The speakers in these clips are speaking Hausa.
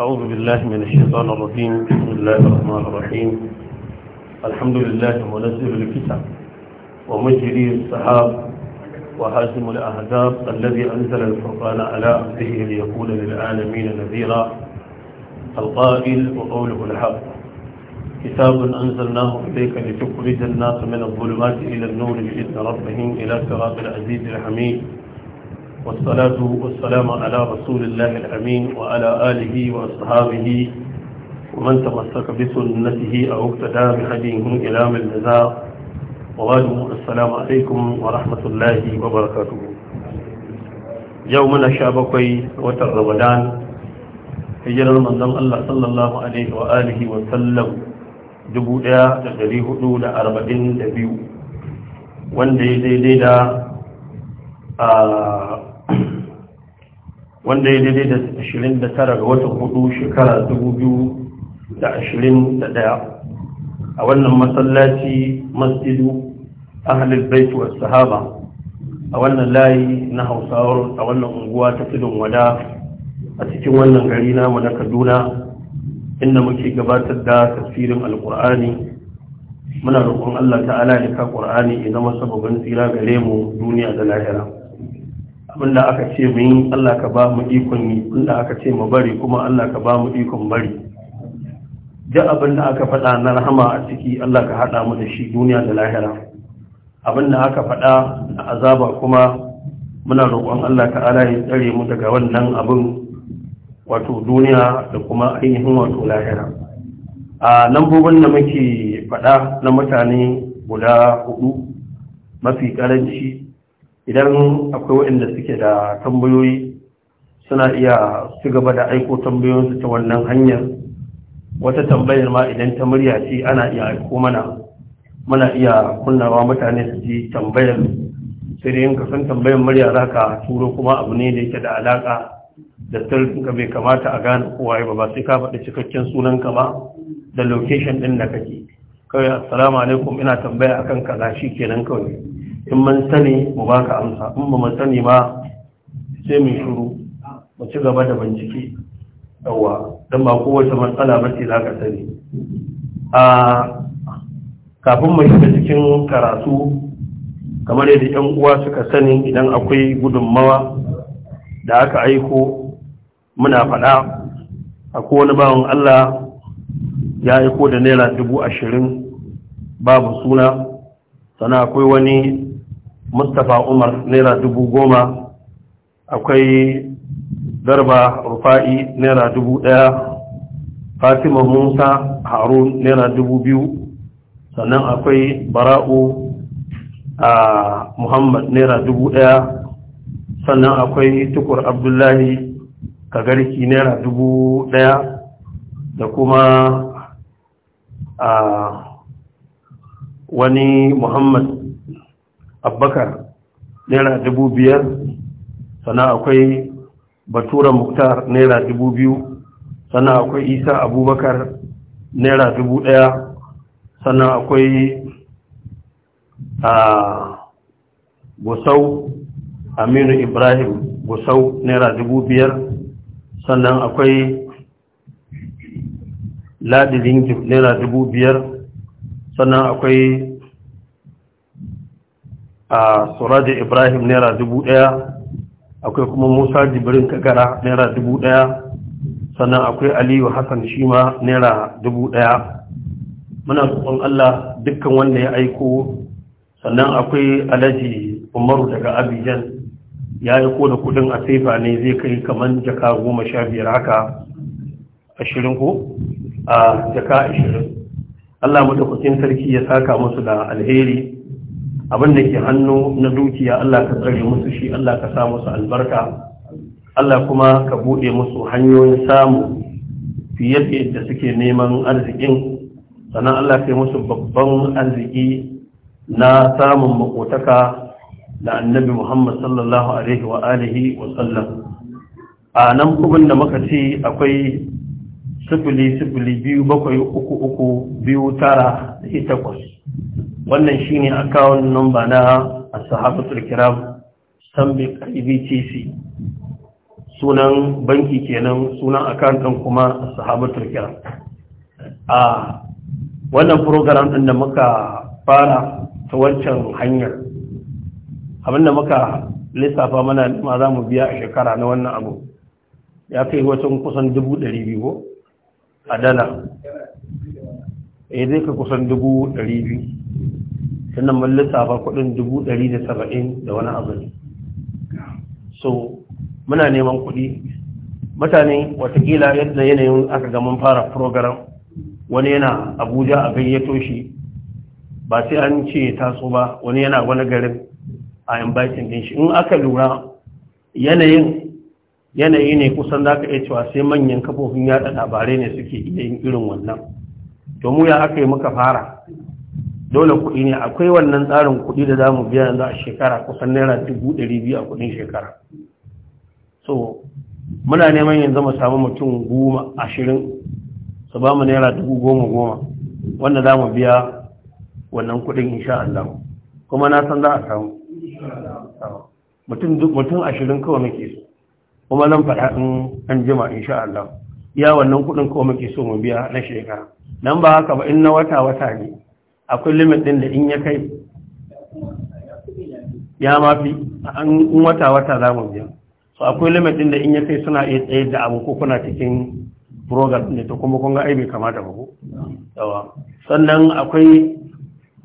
أعوذ بالله من الشيطان الرجيم بسم الله الرحمن الرحيم الحمد لله منزل الكتاب ومجري السحاب وهازم الأهداف الذي أنزل الفرقان على عبده ليكون للعالمين نذيرا القائل وقوله الحق كتاب أنزلناه إليك لتخرج الناس من الظلمات إلى النور بإذن ربهم إلى صراط العزيز الحميد والصلاة والسلام على رسول الله الأمين وعلى آله وأصحابه ومن تمسك بسنته أو اقتدى بهديه إلى من الجزاء وبعد السلام عليكم ورحمة الله وبركاته يومنا شابكي وتر رمضان hijirar manzon Allah sallallahu alaihi wa alihi wa sallam biyu, wanda ya daidai da a wanda ya daidai da 29 ga watan hudu shekara 2021 a wannan masallaci masjidu ahlul bait was sahaba a wannan layi na hausawar a wannan unguwa ta tudun wada a cikin wannan gari namu na kaduna inda muke gabatar da tafsirin alkur'ani muna roƙon allah ta'ala ya ka ƙur'ani ya zama sababin tsira gare mu duniya da lahira wanda aka ce mu yi Allah ka ba mu ikon yi wanda aka ce mu bari kuma Allah ka ba mu ikon bari abin abinda aka faɗa na rahama a ciki Allah ka haɗa mu da shi duniya da lahira abinda aka faɗa na azaba kuma muna roƙon Allah ta'ala ya tsare mu daga wannan abin wato duniya da kuma ainihin wato lahira a lambobin da muke faɗa na mutane guda hudu mafi ƙaranci idan akwai waɗanda suke da tambayoyi suna iya su gaba da aiko tambayoyinsu ta wannan hanyar wata tambayar ma idan ta murya ce ana iya aiko mana muna iya kunnawa mutane su ji tambayar sai da ka san tambayar murya za ka turo kuma abu ne da yake da alaƙa da sarfinka bai kamata a gane kowa ba ba sai ka faɗi cikakken sunanka ba da location ɗin da kake kawai assalamu alaikum ina tambaya akan kaza shi kenan kawai in man sani mu baka amsa in ba man sani ba sai mu shuru mu ci gaba da bincike yawa don ba kowace matsala ba ce za ka sani a kafin mu shiga cikin karatu kamar yadda yan uwa suka sani idan akwai gudunmawa da aka aiko muna faɗa akwai wani bawan Allah ya aiko da naira dubu ashirin babu suna sana akwai wani mustapha umar naira dubu goma akwai darba rufa'i naira dubu ɗaya fatima musa harun naira dubu biyu sannan akwai bara'u a muhammad naira dubu ɗaya sannan akwai tukur abdullahi kagarki naira dubu ɗaya da kuma a wani muhammad abbakar naira dubu biyar sannan akwai batura muktar naira dubu biyu sannan akwai isa abubakar naira dubu ɗaya sannan akwai a ah, gusau aminu ibrahim gusau naira dubu biyar sannan akwai ladilin naira dubu biyar sannan akwai a suraje ibrahim naira dubu ɗaya akwai kuma musa jibirin kagara naira dubu ɗaya sannan akwai aliyu hassan shima naira dubu ɗaya muna tsohon allah dukkan wanda ya aiko sannan akwai alaji umaru daga abijan ya aiko da kuɗin a saifa ne zai kai kamar jaka goma sha biyar haka ashirin ko a jaka ashirin allah madaukakin sarki ya saka musu da alheri abin da ke hannu na dukiya Allah ka tsare musu shi Allah ka sa musu albarka Allah kuma ka buɗe musu hanyoyin samu fiye da yadda suke neman arzikin sannan Allah kai musu babban arziki na samun makotaka da annabi Muhammad sallallahu alaihi wa alihi wa sallam a nan kubin da muka ce akwai sifili sifili biyu bakwai uku uku biyu tara da takwas wannan shine akawun number na ashabatul kiram sambi ibtc sunan banki kenan sunan account din kuma ashabatul kiram a wannan program din da muka fara ta wancan hanyar abinda muka lissafa mana ma za mu biya a shekara na wannan abu ya kai wajen kusan dubu ɗari biyu a dala ya eh, zai ka kusan dubu ɗari biyu sannan mun lissafa kuɗin dubu ɗari da saba'in da wani abu ne so muna neman kuɗi mutane watakila yadda yanayin aka ga mun fara program wani yana abuja a gayyato shi ba sai an ce taso ba wani yana wani garin a inviting din shi in aka lura yanayin yanayi ne kusan za ka iya cewa sai manyan kafofin yaɗa labarai ne suke irin wannan domin ya aka yi muka fara dole kuɗi ne akwai wannan tsarin kuɗi da za mu biya yanzu a shekara kusan naira dubu ɗari biyu a kuɗin shekara so muna neman yanzu mu samu mutum goma ashirin su ba mu naira dubu goma goma wanda za mu biya wannan kuɗin insha Allah kuma na san za a samu mutum ashirin kawai muke so kuma zan faɗa in an jima insha Allah iya wannan kuɗin kawai muke so mu biya na shekara nan ba haka ba in na wata wata ne akwai limit ɗin da in ya kai ya mafi an wata-wata za mu biya so akwai limit ɗin da in ya kai suna iya tsaye da abu ko kuna cikin program ne to kuma kun ai bai kamata ba ko yawa sannan akwai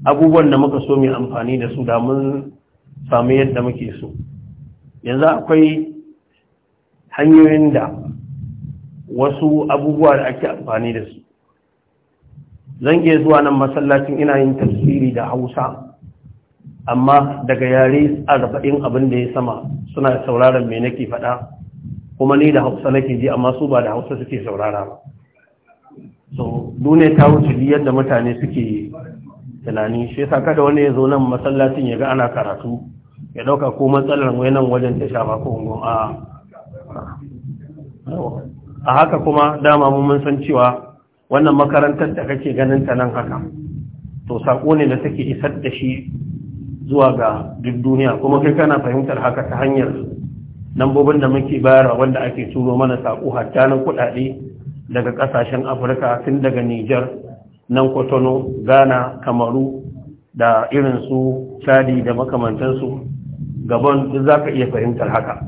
abubuwan da muka so mai amfani da su da mun samu yadda muke so yanzu akwai hanyoyin da wasu abubuwa da ake amfani da su zan iya zuwa nan masallacin ina yin tafsiri da hausa amma daga yare arba'in abin da ya sama suna sauraron me nake faɗa kuma ni da hausa nake ji amma su ba da hausa suke saurara ba so duniya ta wuce yadda mutane suke tunani shi yasa kada wani ya zo nan masallacin ya ga ana karatu ya ɗauka, ko matsalar wai nan wajen ta shafa ko ungon a a haka kuma dama mun san cewa wannan makarantar da kake ganin ta nan haka to sako ne da take isar da shi zuwa ga duk duniya kuma kai kana fahimtar haka ta hanyar lambobin da muke bayarwa wanda ake turo mana sako hatta na kuɗaɗe daga ƙasashen afirka tun daga niger nan kotono ghana kamaru da irin su shadi da makamantansu gaban duk za ka iya fahimtar haka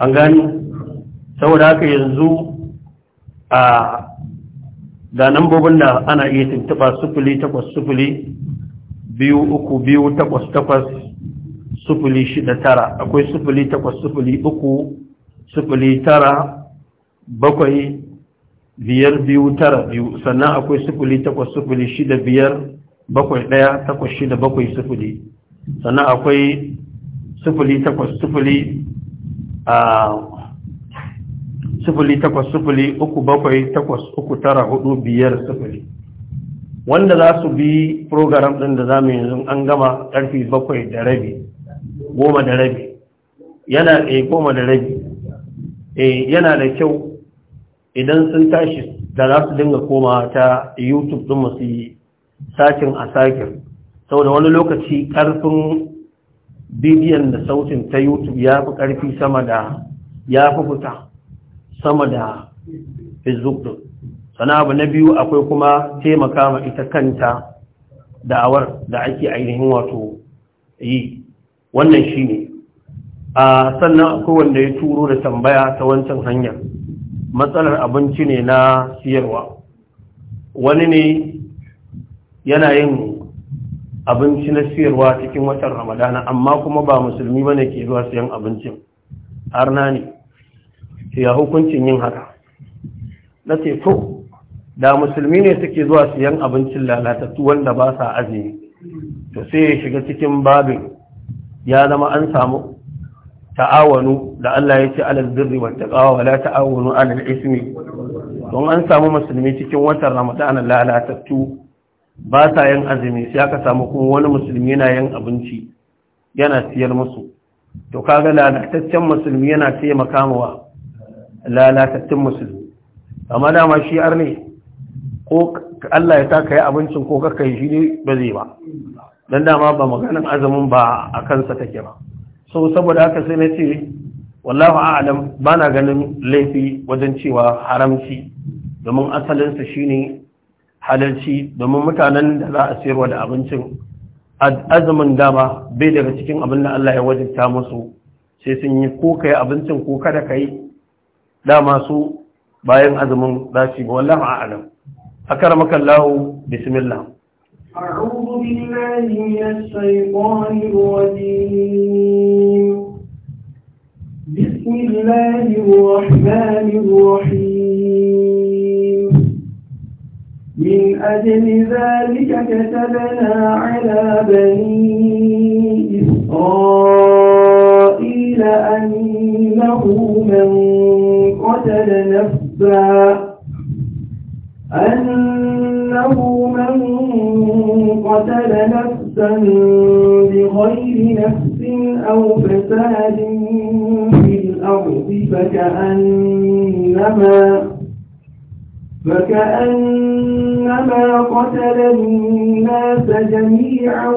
an gani saboda haka yanzu a da nambobin da ana iya tuntuɓa sufuli takwas sufuli biyu uku biyu takwas takwas sufuli shida tara akwai sufuli takwas sufuli uku sufuli tara bakwai biyar biyu tara biyu sannan akwai sufuli takwas sufuli shida biyar bakwai ɗaya takwas shida bakwai sufuli sannan akwai sufuli takwas sufuli a ah, sifili takwas sifili uku bakwai takwas uku tara hudu biyar sifili wanda za su bi program ɗin da zamu yanzu an gama ƙarfi bakwai da rabi goma da rabi yana da eh, goma da rabi eh, yana da kyau idan sun tashi da za su dinga koma ta youtube ɗin masu yi sakin a sakin saboda wani lokaci ƙarfin bidiyon da sautin ta youtube ya fi ƙarfi sama da ya fi fita sama da facebook din sana abu na biyu akwai kuma taimaka ma ita kanta da'awar da ake ainihin wato yi wannan shi ne a sannan akwai wanda ya turo da tambaya ta wancan hanyar matsalar abinci ne na siyarwa wani ne yana yin abinci na siyarwa cikin watan ramadana amma kuma ba musulmi bane ke zuwa siyan abincin har na ne ce ya hukuncin yin haka na ce to da musulmi ne suke zuwa siyan abincin lalatattu wanda ba sa azumi to sai ya shiga cikin babin ya zama an samu ta'awanu da Allah ya ce alal birri wa taqwa wala ta'awanu alal ismi don an samu musulmi cikin watan Ramadana lalatattu ba sa yin azumi sai aka samu kuma wani musulmi yana yin abinci yana siyar musu to kaga lalataccen musulmi yana taimakawa lalatattun musulmi amma dama shi ar ne ko Allah ya sa ka yi abincin ko kakka yi shi ne ba zai ba don dama ba maganin azumin ba a kansa take ba so saboda haka sai na ce wallahu a'lam ba na ganin laifi wajen cewa haramci domin asalinsa ne halarci domin mutanen da za a sayarwa da abincin azumin dama bai daga cikin abin da Allah ya wajinta musu sai sun yi ko kai abincin ko kada kai dama su bayan azumin dace ba wallahu a'lam akaramaka Allah bismillah a'udhu billahi minash shaitanir rajim bismillahir rahmanir rahim min ajli dhalika katabna 'ala bani isra'ila annahu man قتل نفسا أنه من قتل نفسا بغير نفس أو فساد في الأرض فكأنما فكأنما قتل الناس جميعا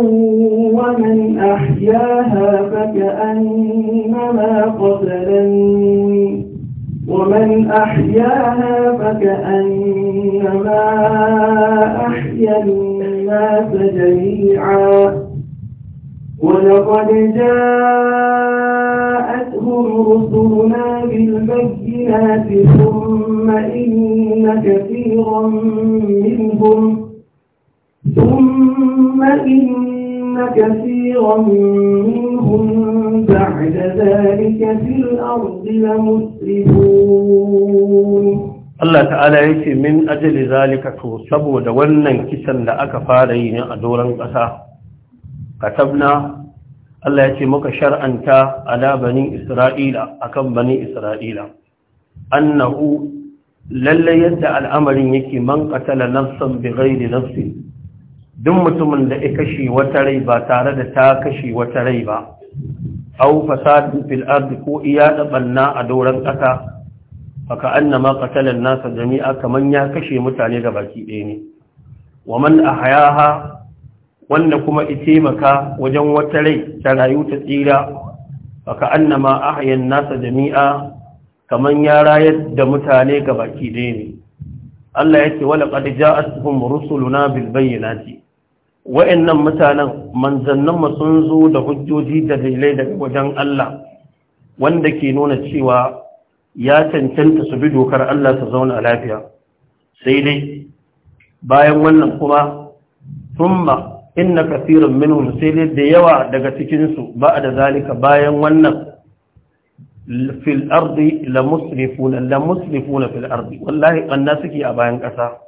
ومن أحياها فكأنما قتل الناس ومن أحياها فكأنما أحيا الناس جميعا ولقد جاءتهم رسلنا بالبينات ثم إن كثيرا منهم ثم إن كثيرا منهم بعد ذلك في الأرض لمسرفون Allah ta'ala ya ce min ajali zalika to saboda wannan kisan da aka fara yi a doron ƙasa katabna Allah ya ce muka shar'anta ala bani Isra'ila akan bani Isra'ila annahu lalle yadda al'amarin yake man qatala nafsan bighairi nafsin duk mutumin da ya kashe wata rai ba tare da ta kashe wata rai ba au fasadin fil ardi ko iya da banna a doron ƙasa faka annama qatala nasa jami'a kaman ya kashe mutane ga baki ɗaya ne wa man ahyaha wanda kuma itaimaka wajen wata rai ta rayu ta tsira faka annama ahyan nasa jami'a kaman ya rayar da mutane ga baki ɗaya ne Allah yake wala qad ja'atuhum rusuluna bil ce. wa'annan mutanen Manzanninmu sun zo da hujjoji da dalilai daga wajen Allah wanda ke nuna cewa ya cancanta su bi dokar Allah su zauna lafiya sai dai bayan wannan kuma thumma inna kaseeran minhum sai dai da yawa daga cikinsu su ba da zalika bayan wannan fil ardi la musrifuna la musrifuna fil ardi wallahi kanna suke a bayan kasa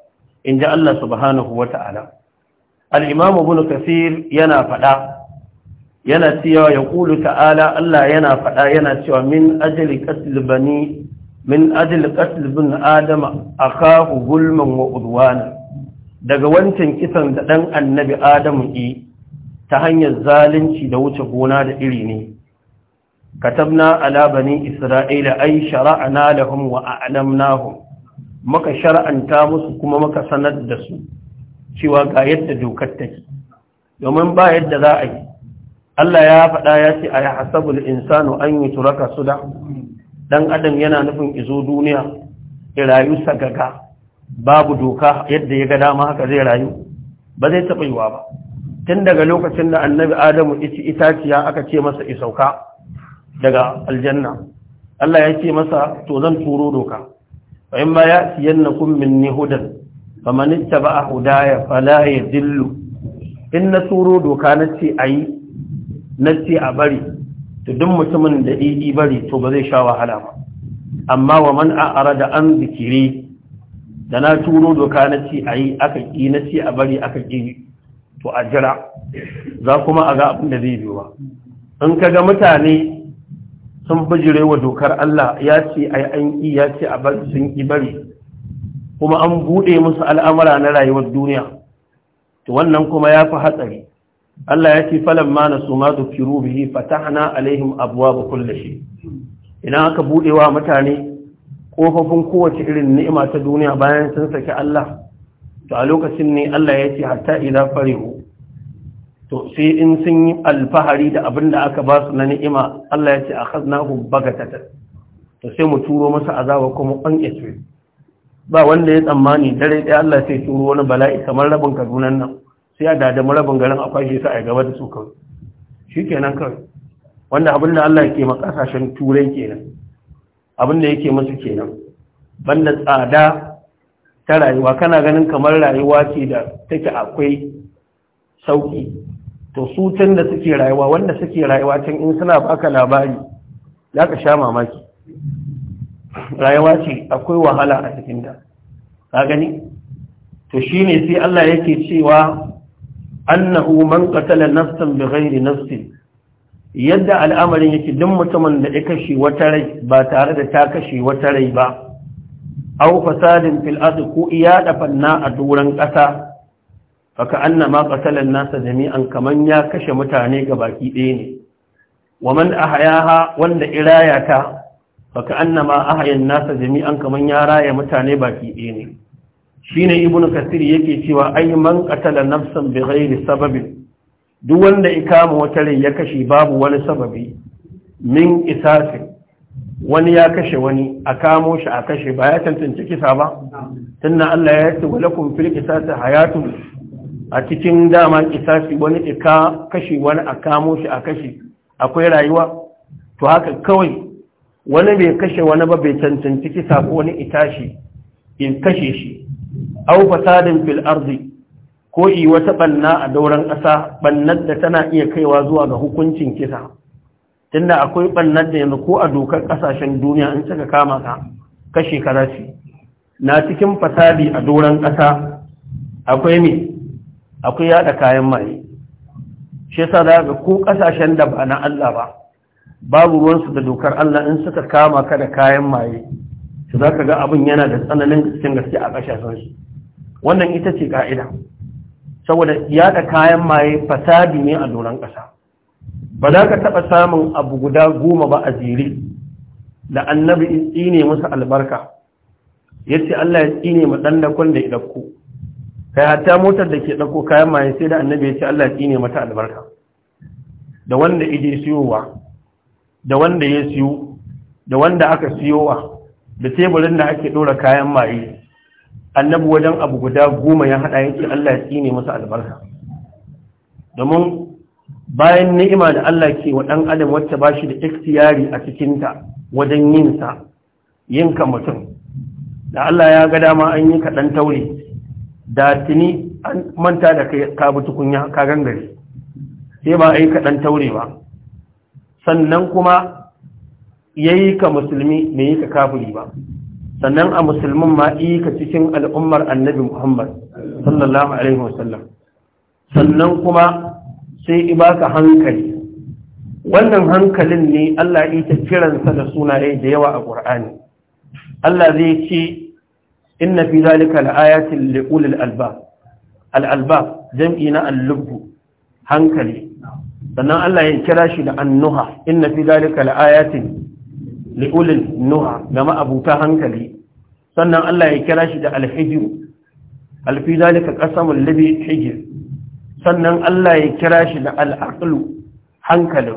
inda Allah subhanahu wata'ala al'imamu bin kasir yana faɗa yana cewa ya ƙulu ta'ala Allah yana faɗa yana cewa min ajali ƙasil min ajali adama a kahu gulman wa daga wancan kisan da ɗan annabi adamu yi ta hanyar zalunci da wuce gona da iri ne katabna ala bani isra'ila ai shara'ana lahum wa a'lamnahum maka shar'anta musu kuma maka sanar da su cewa ga yadda dokar take domin ba yadda za a yi Allah ya faɗa ya ce a yi hasabul insanu an yi turaka da, dan adam yana nufin izo duniya ya rayu sagaga babu doka yadda ya ga dama haka zai rayu ba zai taɓa yiwa ba tun daga lokacin da annabi adamu ici itaciya aka ce masa isauka daga aljanna Allah ya ce masa to zan turo doka fa in ma ya siyannakum minni hudan ba a hudaya fala yadillu in na turo doka na ce a yi na ce a bari to duk mutumin da yi bari to ba zai sha wahala ba amma wa man da an zikiri da na turo doka na ce a ayi aka ƙi, na ce a bari aka ƙi, to a jira za kuma a ga abin da zai biyo ba in ka ga mutane sun bijire wa dokar Allah ya ce ai an ki ya ce a bari sun ƙi bari kuma an buɗe musu al'amura na rayuwar duniya to wannan kuma ya fi hatsari Allah ya ce falon ma na su ma dukiru bihi fatahna alaihim abuwa ba kulle shi aka buɗe wa mutane kofofin kowace irin ni'ima ta duniya bayan sun saki Allah to a lokacin ne Allah ya ce hatta idan farihu to sai in sun yi alfahari da abin da aka ba su na ni'ima Allah ya ce a khadnahu bagatatan to sai mu turo masa azaba kuma on its ba wanda ya tsammani dare ɗaya Allah sai turo wani bala'i kamar rabin Kaduna nan sai a mu rabin garin a kwashe sa a gaba da su kawai shi kenan kawai wanda abin da Allah ke makasashen turai kenan abin da yake musu kenan banda tsada ta rayuwa kana ganin kamar rayuwa ce da take akwai sauki to su can da suke rayuwa wanda suke rayuwa can in suna baka labari za ka sha mamaki rayuwa ce akwai wahala a cikinta ka gani to shine sai Allah yake cewa annahu man qatala nafsan bighairi nafsin yadda al'amarin yake duk mutumin da ya kashi wata rai ba tare da ta kashe wata rai ba aw fasadin fil ard ko da fanna a duran kasa faka annama qatala nasa jami'an kaman ya kashe mutane ga baki ɗaya ne wa man ahyaha wanda ta baka annama ahayan nasa jami'an kaman ya raya mutane baki ɗaya ne Shi ne Ibn kasir yake cewa ai man katala nafsan ghairi sababi duk wanda ya kama wata rai ya kashe babu wani sababi min isasin wani ya kashe wani a kamo shi a kashe ba ya tantance kisa ba tunna Allah ya ce walakum fil qisasi hayatu a cikin dama kisasi wani ka kashe wani a kamo shi a kashe akwai rayuwa to haka kawai wani bai kashe wani ba bai cancanci kisa ko wani itashi in kashe shi au fasadin fil ardi ko yi wata banna a dauran ƙasa bannar da tana iya kaiwa zuwa ga hukuncin kisa tunda akwai bannar da yanzu ko a dokar ƙasashen duniya in saka kama ka kashe ka rafi na cikin fasadi a doron ƙasa akwai me akwai yada kayan maye shi yasa za ko ƙasashen da ba na Allah ba babu ruwansu da dokar Allah in suka kama ka da kayan maye su za ga abin yana da tsananin cikin gaske a ƙasashen su wannan ita ce ka'ida saboda yaɗa kayan maye fasadi ne a doron ƙasa ba za ka taɓa samun abu guda goma ba a jere da annabi in tsine musu albarka ya ce Allah ya tsine ma ɗan dakon da ya ɗauko kai hatta motar da ke ɗauko kayan maye sai da annabi ya ce Allah ya tsine mata albarka da wanda ije siyowa da wanda ya siyo da wanda aka siyowa da teburin da ake dora kayan maye annabi wajen abu guda goma ya haɗa yake Allah ya tsine masa albarka domin bayan ni'ima da Allah ke wa dan adam wacce ba shi da ikhtiyari a cikinta wajen yinsa ka mutum da Allah ya ga dama an yi kaɗan taure da tuni an manta da ka bi tukunya ka gangare sai ba a yi kaɗan taure ba sannan kuma yayi ka musulmi me yi ka kafiri ba sannan a musulmin ma yi ka cikin al'ummar annabi Muhammad sallallahu alaihi wasallam sannan kuma sai ka hankali wannan hankalin ne Allah ya ta kiransa da sunaye da yawa a Ƙur'ani. Allah zai ce inna fi zalika la'ayatin liulil albab al jam'i na allubu hankali sannan Allah ya kira shi da annuha inna fi zalika laayatin liulil nuha ga ma'abuta hankali sannan Allah ya kira shi da alhijr alfi zalika qasamul ladhi hijr sannan Allah ya kira shi da al'aqlu hankali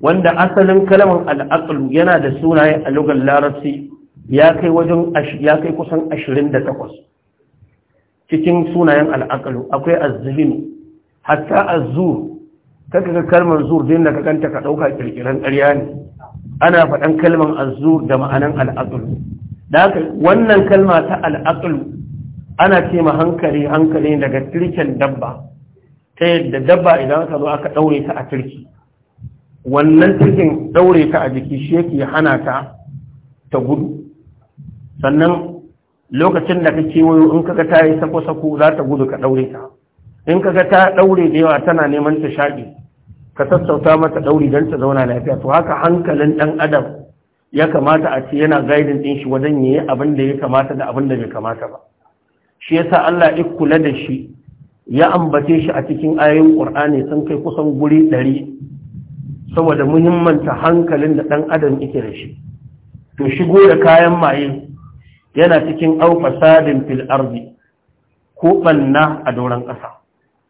wanda asalin kalmar al'aqlu yana da sunaye a lugar larabci ya kai wajen ya kai kusan 28 cikin sunayen al'aqlu akwai az-zilm hatta az-zur kaka ga kalmar zur din da ka ganta ka dauka kirkiran ƙarya ne ana faɗan kalmar azzur da ma'anan al'aql da haka wannan kalma ta al'aql ana ce ma hankali hankali daga tirken dabba ta yadda dabba idan aka zo aka daure ta a tirki wannan tirkin daure ta a jiki shi yake hana ta ta gudu sannan lokacin da kake wayo in kaga ta yi sako-sako za ta gudu ka daure ta in kaga ta daure da yawa tana neman ta shaƙi ka sassauta mata ɗauri don ta zauna lafiya to haka hankalin ɗan adam ya kamata a ce yana gaidin ɗin shi wajen yayi abin da ya kamata da abin da bai kamata ba shi ya sa Allah ya kula da shi ya ambace shi a cikin ayoyin ƙur'ani sun kai kusan guri ɗari saboda muhimmanta hankalin da ɗan adam yake da shi to shigo da kayan maye yana cikin au fasadin fil ardi ko ɓanna a doron ƙasa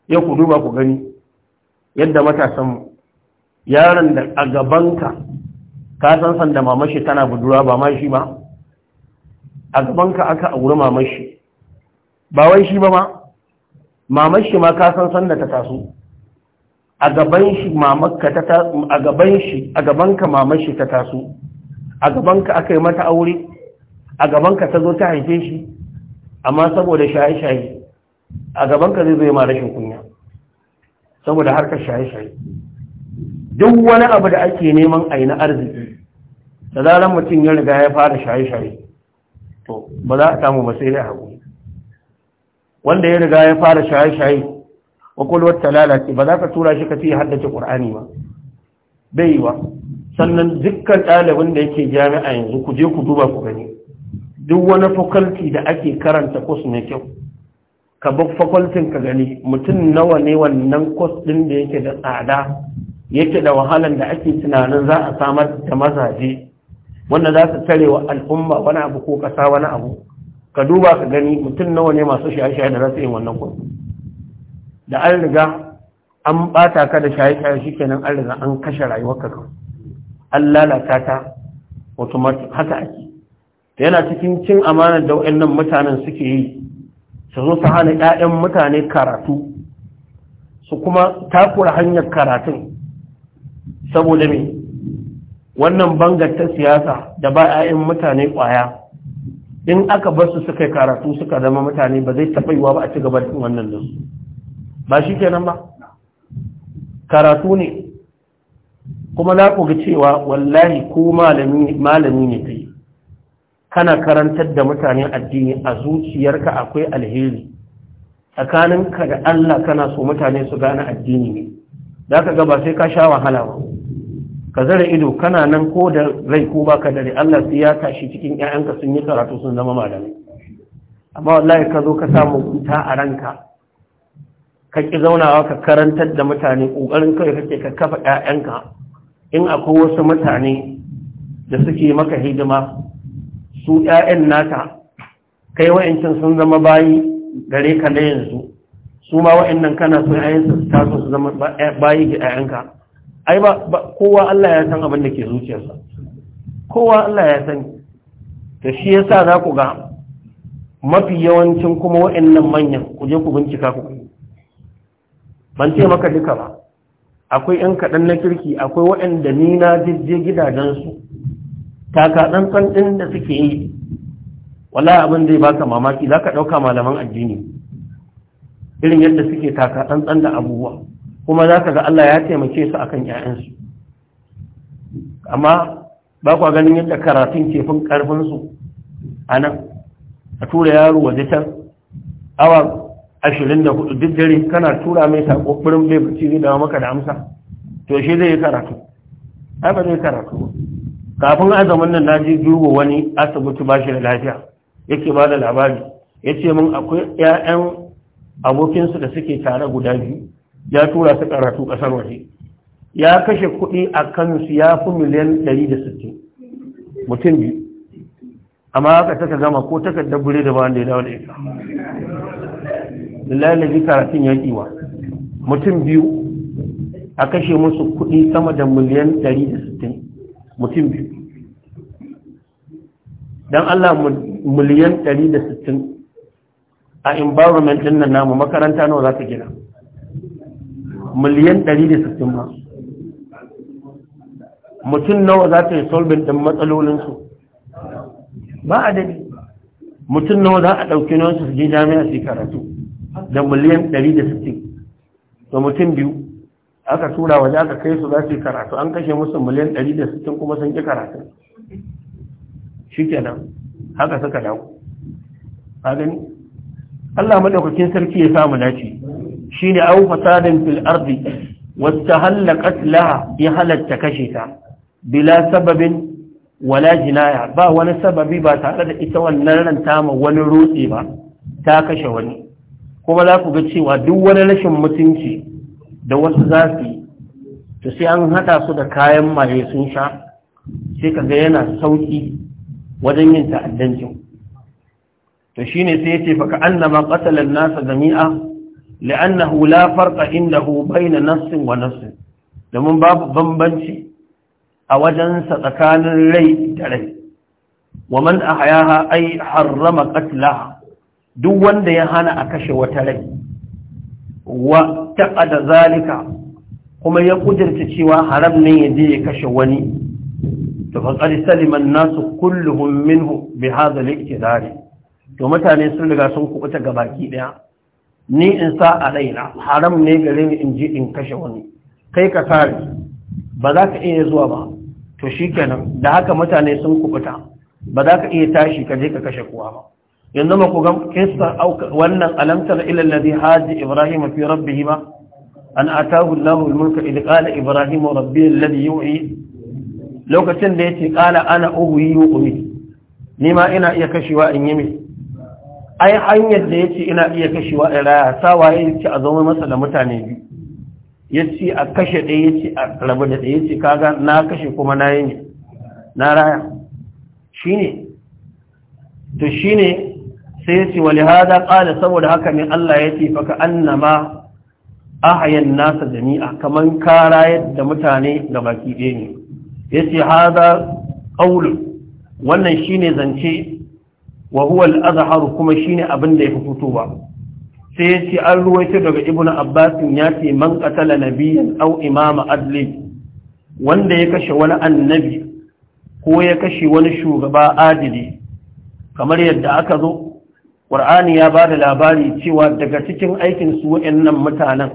yau ku duba ku gani yadda matasan yaron da a gabanka ka san sanda mamashi tana budura ba ma shi ba a gabanka aka auri mamashi ba wai shi ba ma mamashi ma ka san sanda ta taso a gaban shi mamakka ta a gaban shi a gabanka mamashi ta taso a gabanka aka yi mata aure a gabanka ta zo ta haife shi amma saboda shaye-shaye a gabanka zai zai ma rashin kunya saboda harkar shaye-shaye duk wani abu da ake neman a arziki da zarar mutum ya riga ya fara shaye-shaye to ba za a samu ba sai dai wanda ya riga ya fara shaye-shaye kwakwalwar ta lalace ba za ka tura shi ka fiye haddace ƙur'ani ba bai yi ba sannan dukkan ɗalibin da yake jami'a yanzu ku je ku duba ku gani duk wani faculty da ake karanta kos mai kyau ka bug fakultin ka gani mutum nawa ne wannan kwas ɗin da yake da tsada yake da wahalan da ake tunanin za a samar da mazaje wanda za su tare wa al'umma wani abu ko ƙasa wani abu ka duba ka gani mutum nawa ne masu shaye-shaye da rasu yin wannan kwas da an riga an ɓata ka da shaye-shaye shi kenan an riga an kashe rayuwar ka an lalata ta wato haka ake yana cikin cin amanar da waɗannan mutanen suke yi su zo su hana 'ya'yan mutane karatu su kuma takura hanyar karatun saboda me wannan bangar ta siyasa da ba 'ya'yan mutane kwaya, in aka bar su suka karatu suka zama mutane ba zai taɓa yiwa ba a ci gaba da wannan da su ba shi kenan ba karatu ne kuma na ku cewa wallahi ko malami ne kai kana karantar da mutane addini a zuciyarka akwai alheri Tsakanin ka da Allah kana so mutane su gane addini ne da ka gaba sai ka sha wahala ba ka zara ido kana nan ko da rai ko ka dare Allah sai ya tashi cikin ƴaƴanka sun yi karatu sun zama malamai amma wallahi ka zo ka samu kunta a ranka ka ki zaunawa ka karantar da mutane ƙoƙarin kai kake ka kafa ƴaƴanka in akwai wasu mutane da suke maka hidima su ‘ya'yan nata kai wa’yancin sun zama bayi gare ka na yanzu su ma wa'annan kana su ‘ya'yansa su taso su zama bayi ga ‘ya'yanka ai ba kowa Allah ya san abin da ke zuciyarsa kowa Allah ya sani ta shi ya sa za ku ga mafi yawancin kuma wa'annan manyan ku je ku bincika ku ban ce maka duka ba akwai ‘yan kaɗan na kirki akwai waɗanda ni na jijje gidajensu taka tsantsan ɗin da suke yi wala abin zai baka mamaki za ka ɗauka malaman addini irin yadda suke taka tsantsan da abubuwa kuma za ka ga Allah ya taimake su akan ‘ya'yansu amma ba kwa ganin yadda karatun kefin ƙarfinsu a nan a tura yaro waje can awa ashirin da hudu duk dare kana tura mai sako birin bai bacci da maka da amsa to shi zai yi karatu ai ba zai karatu kafin azumin nan na je duba wani asibiti ba shi da lafiya yake ba da labari ya ce min akwai 'ya'yan abokinsu da suke tare guda biyu ya tura su karatu ƙasar waje ya kashe kuɗi a kansu ya fi miliyan 160 mutum biyu amma haka taka gama ko takardar bure da bayan da ya dawo da ita ji karatun ya kiwa mutum biyu a kashe musu kuɗi sama da miliyan 160 mutum biyu don Allah miliyan 160 a environment din nan namu makaranta nawa za ta gina miliyan 160 ba mutum nawa za ta yi solving din matsalolinsu ba a dade. mutum nawa za a ɗauki nawa su je jami'a su karatu da miliyan 160 to mutum biyu aka tura waje aka kai su za su yi karatu an kashe musu miliyan 160 kuma sun ƙi karatu shi kenan haka suka dawo gani Allah maɗaukakin sarki ya samu dace ne au fasadin fil ardi wastahallaqat laha ya halatta kashe ta bila sababin wala jinaya ba wani sababi ba tare da ita wannan ran ma wani rutse ba ta kashe wani kuma za ku ga cewa duk wani rashin mutunci da wasu za su yi to sai an haɗa su da kayan maye sun sha sai ka ga yana sauki wajen yin ta'addancin to shine sai ya ce fa ka annama qatala nasa jami'a la لا فرق عنده nafsin wa nafsin, domin babu bambanci a wajensa tsakanin rai da rai wa man ahyaha ay harrama qatlaha duk wanda ya hana a kashe wata rai wa da zalika kuma ya kudirta cewa haram ne ya je ya kashe wani to fa qad nasu kulluhum minhu bi hadha al to mutane sun riga sun kubuta gabaki daya ni in sa a raina haram ne gare ni in je in kashe wani kai ka kare ba za ka iya zuwa ba to shi kenan, da haka mutane sun kubuta ba za ka iya tashi ka je ka kashe kowa ba yanzu ma ku ga kissa wannan alamtar ila alladhi haji ibrahim fi rabbih ma an atahu allah al-mulka idh qala ibrahim rabbi alladhi yu'i lokacin da yace qala ana uhyi yu'i ni ma ina iya kashewa in yi mai ai hanyar da yace ina iya kashewa in raya sawa yace a zama masa da mutane biyu yace a kashe ɗaya yace a rabu da ɗaya yace kaga na kashe kuma na yi na raya shine to shine sai ce wali hada ƙala saboda haka ne Allah ya ce faka annama ahayan nasa jami'a kaman kara yadda mutane ga baki ɗaya ne ya ce hada ƙaulu wannan shine zance wa huwa al kuma shine abin da ya fi fitowa sai ya ce an ruwaito daga ibnu abbas ya ce man qatala nabiyyan aw imama adli wanda ya kashe wani annabi ko ya kashe wani shugaba adili kamar yadda aka zo ƙur'ani ya ba da labari cewa daga cikin aikin su wa'annan mutanen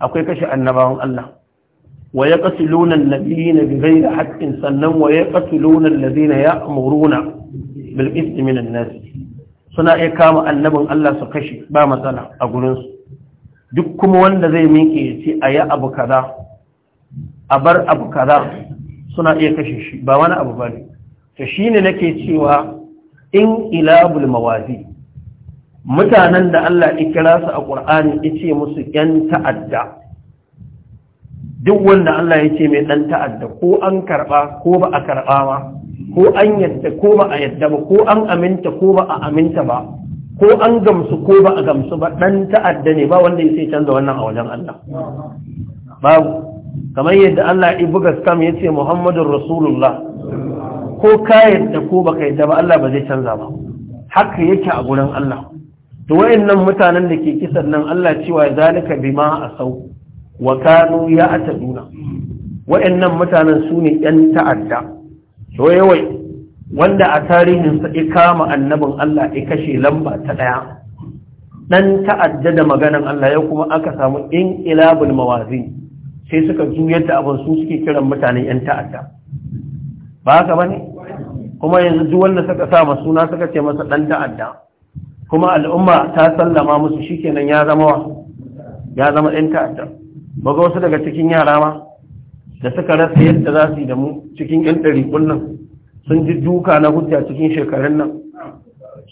akwai kashe annabawan Allah wa ya qatuluna annabiyina bi ghairi haqqin sannan wa ya qatuluna alladhina ya'muruna bil ithmi minan nas suna iya kama annabin Allah su kashe ba matsala a gurinsu. duk kuma wanda zai miƙe ya ce ayi abu kaza a bar abu kaza suna iya kashe shi ba wani abu ba bane to shine nake cewa in ilabul mawazi mutanen da Allah ya kira su a Qur'ani ya ce musu yan ta'adda duk wanda Allah ya ce mai dan ta'adda ko an karba ko ba a karba ba ko an yadda ko ba a yadda ba ko an aminta ko ba a aminta ba ko an gamsu ko ba a gamsu ba dan ta'adda ne ba wanda ya sai canza wannan a wajen Allah babu kamar yadda Allah ya buga sam ya ce Muhammadur Rasulullah ko ka yadda ko ba ka yadda ba Allah ba zai canza ba haka yake a gurin Allah to wayannan mutanen da ke kisan nan Allah cewa zalika bima asau wa kanu ya ataduna wayannan mutanen su ne yan ta'adda to yawai wanda a tarihin sa kama annabin Allah ya kashe lamba ta ɗaya. dan ta'adda da maganan Allah ya kuma aka samu in ilabul mawazi sai suka juyar ta abin su suke kiran mutane yan ta'adda ba ba bane kuma yanzu duk wanda suka sa suna suka ce masa dan ta'adda kuma al'umma ta sallama musu shikenan ya zama wa ya zama ɗin ta'adda ba ga wasu daga cikin yara ma da suka rasa yadda za su yi da mu cikin ƴan ɗari nan sun ji duka na hujja cikin shekarun nan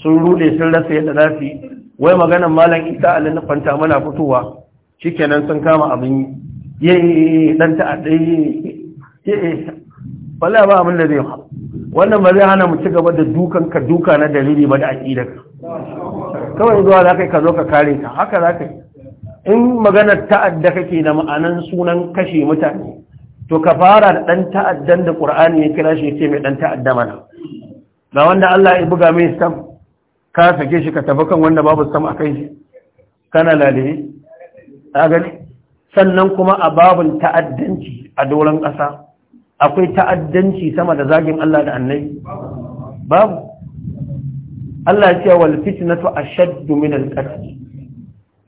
sun rude sun rasa yadda za su yi wai maganan malam isa alin na kwanta mana fitowa shikenan sun kama abin yi yi ɗan ta'adda yi yi wala ba abin da zai wannan ba zai hana mu ci gaba da dukan ka duka na dalili ba da aƙidar kawai zuwa za ka ka zo ka kare ka haka za ka yi in maganar ta'adda kake da ma'anan sunan kashe mutane to ka fara da ɗan ta'addan da ƙur'ani ya kira shi ce mai ɗan ta'adda mana ga wanda Allah ya buga mai sam ka sake shi ka tafi kan wanda babu sam a kai shi kana lale a gani sannan kuma a babun ta'addanci a doron ƙasa akwai ta'addanci sama da zagin Allah da annabi babu Allah ya ce wal fitnatu ashaddu min al qatl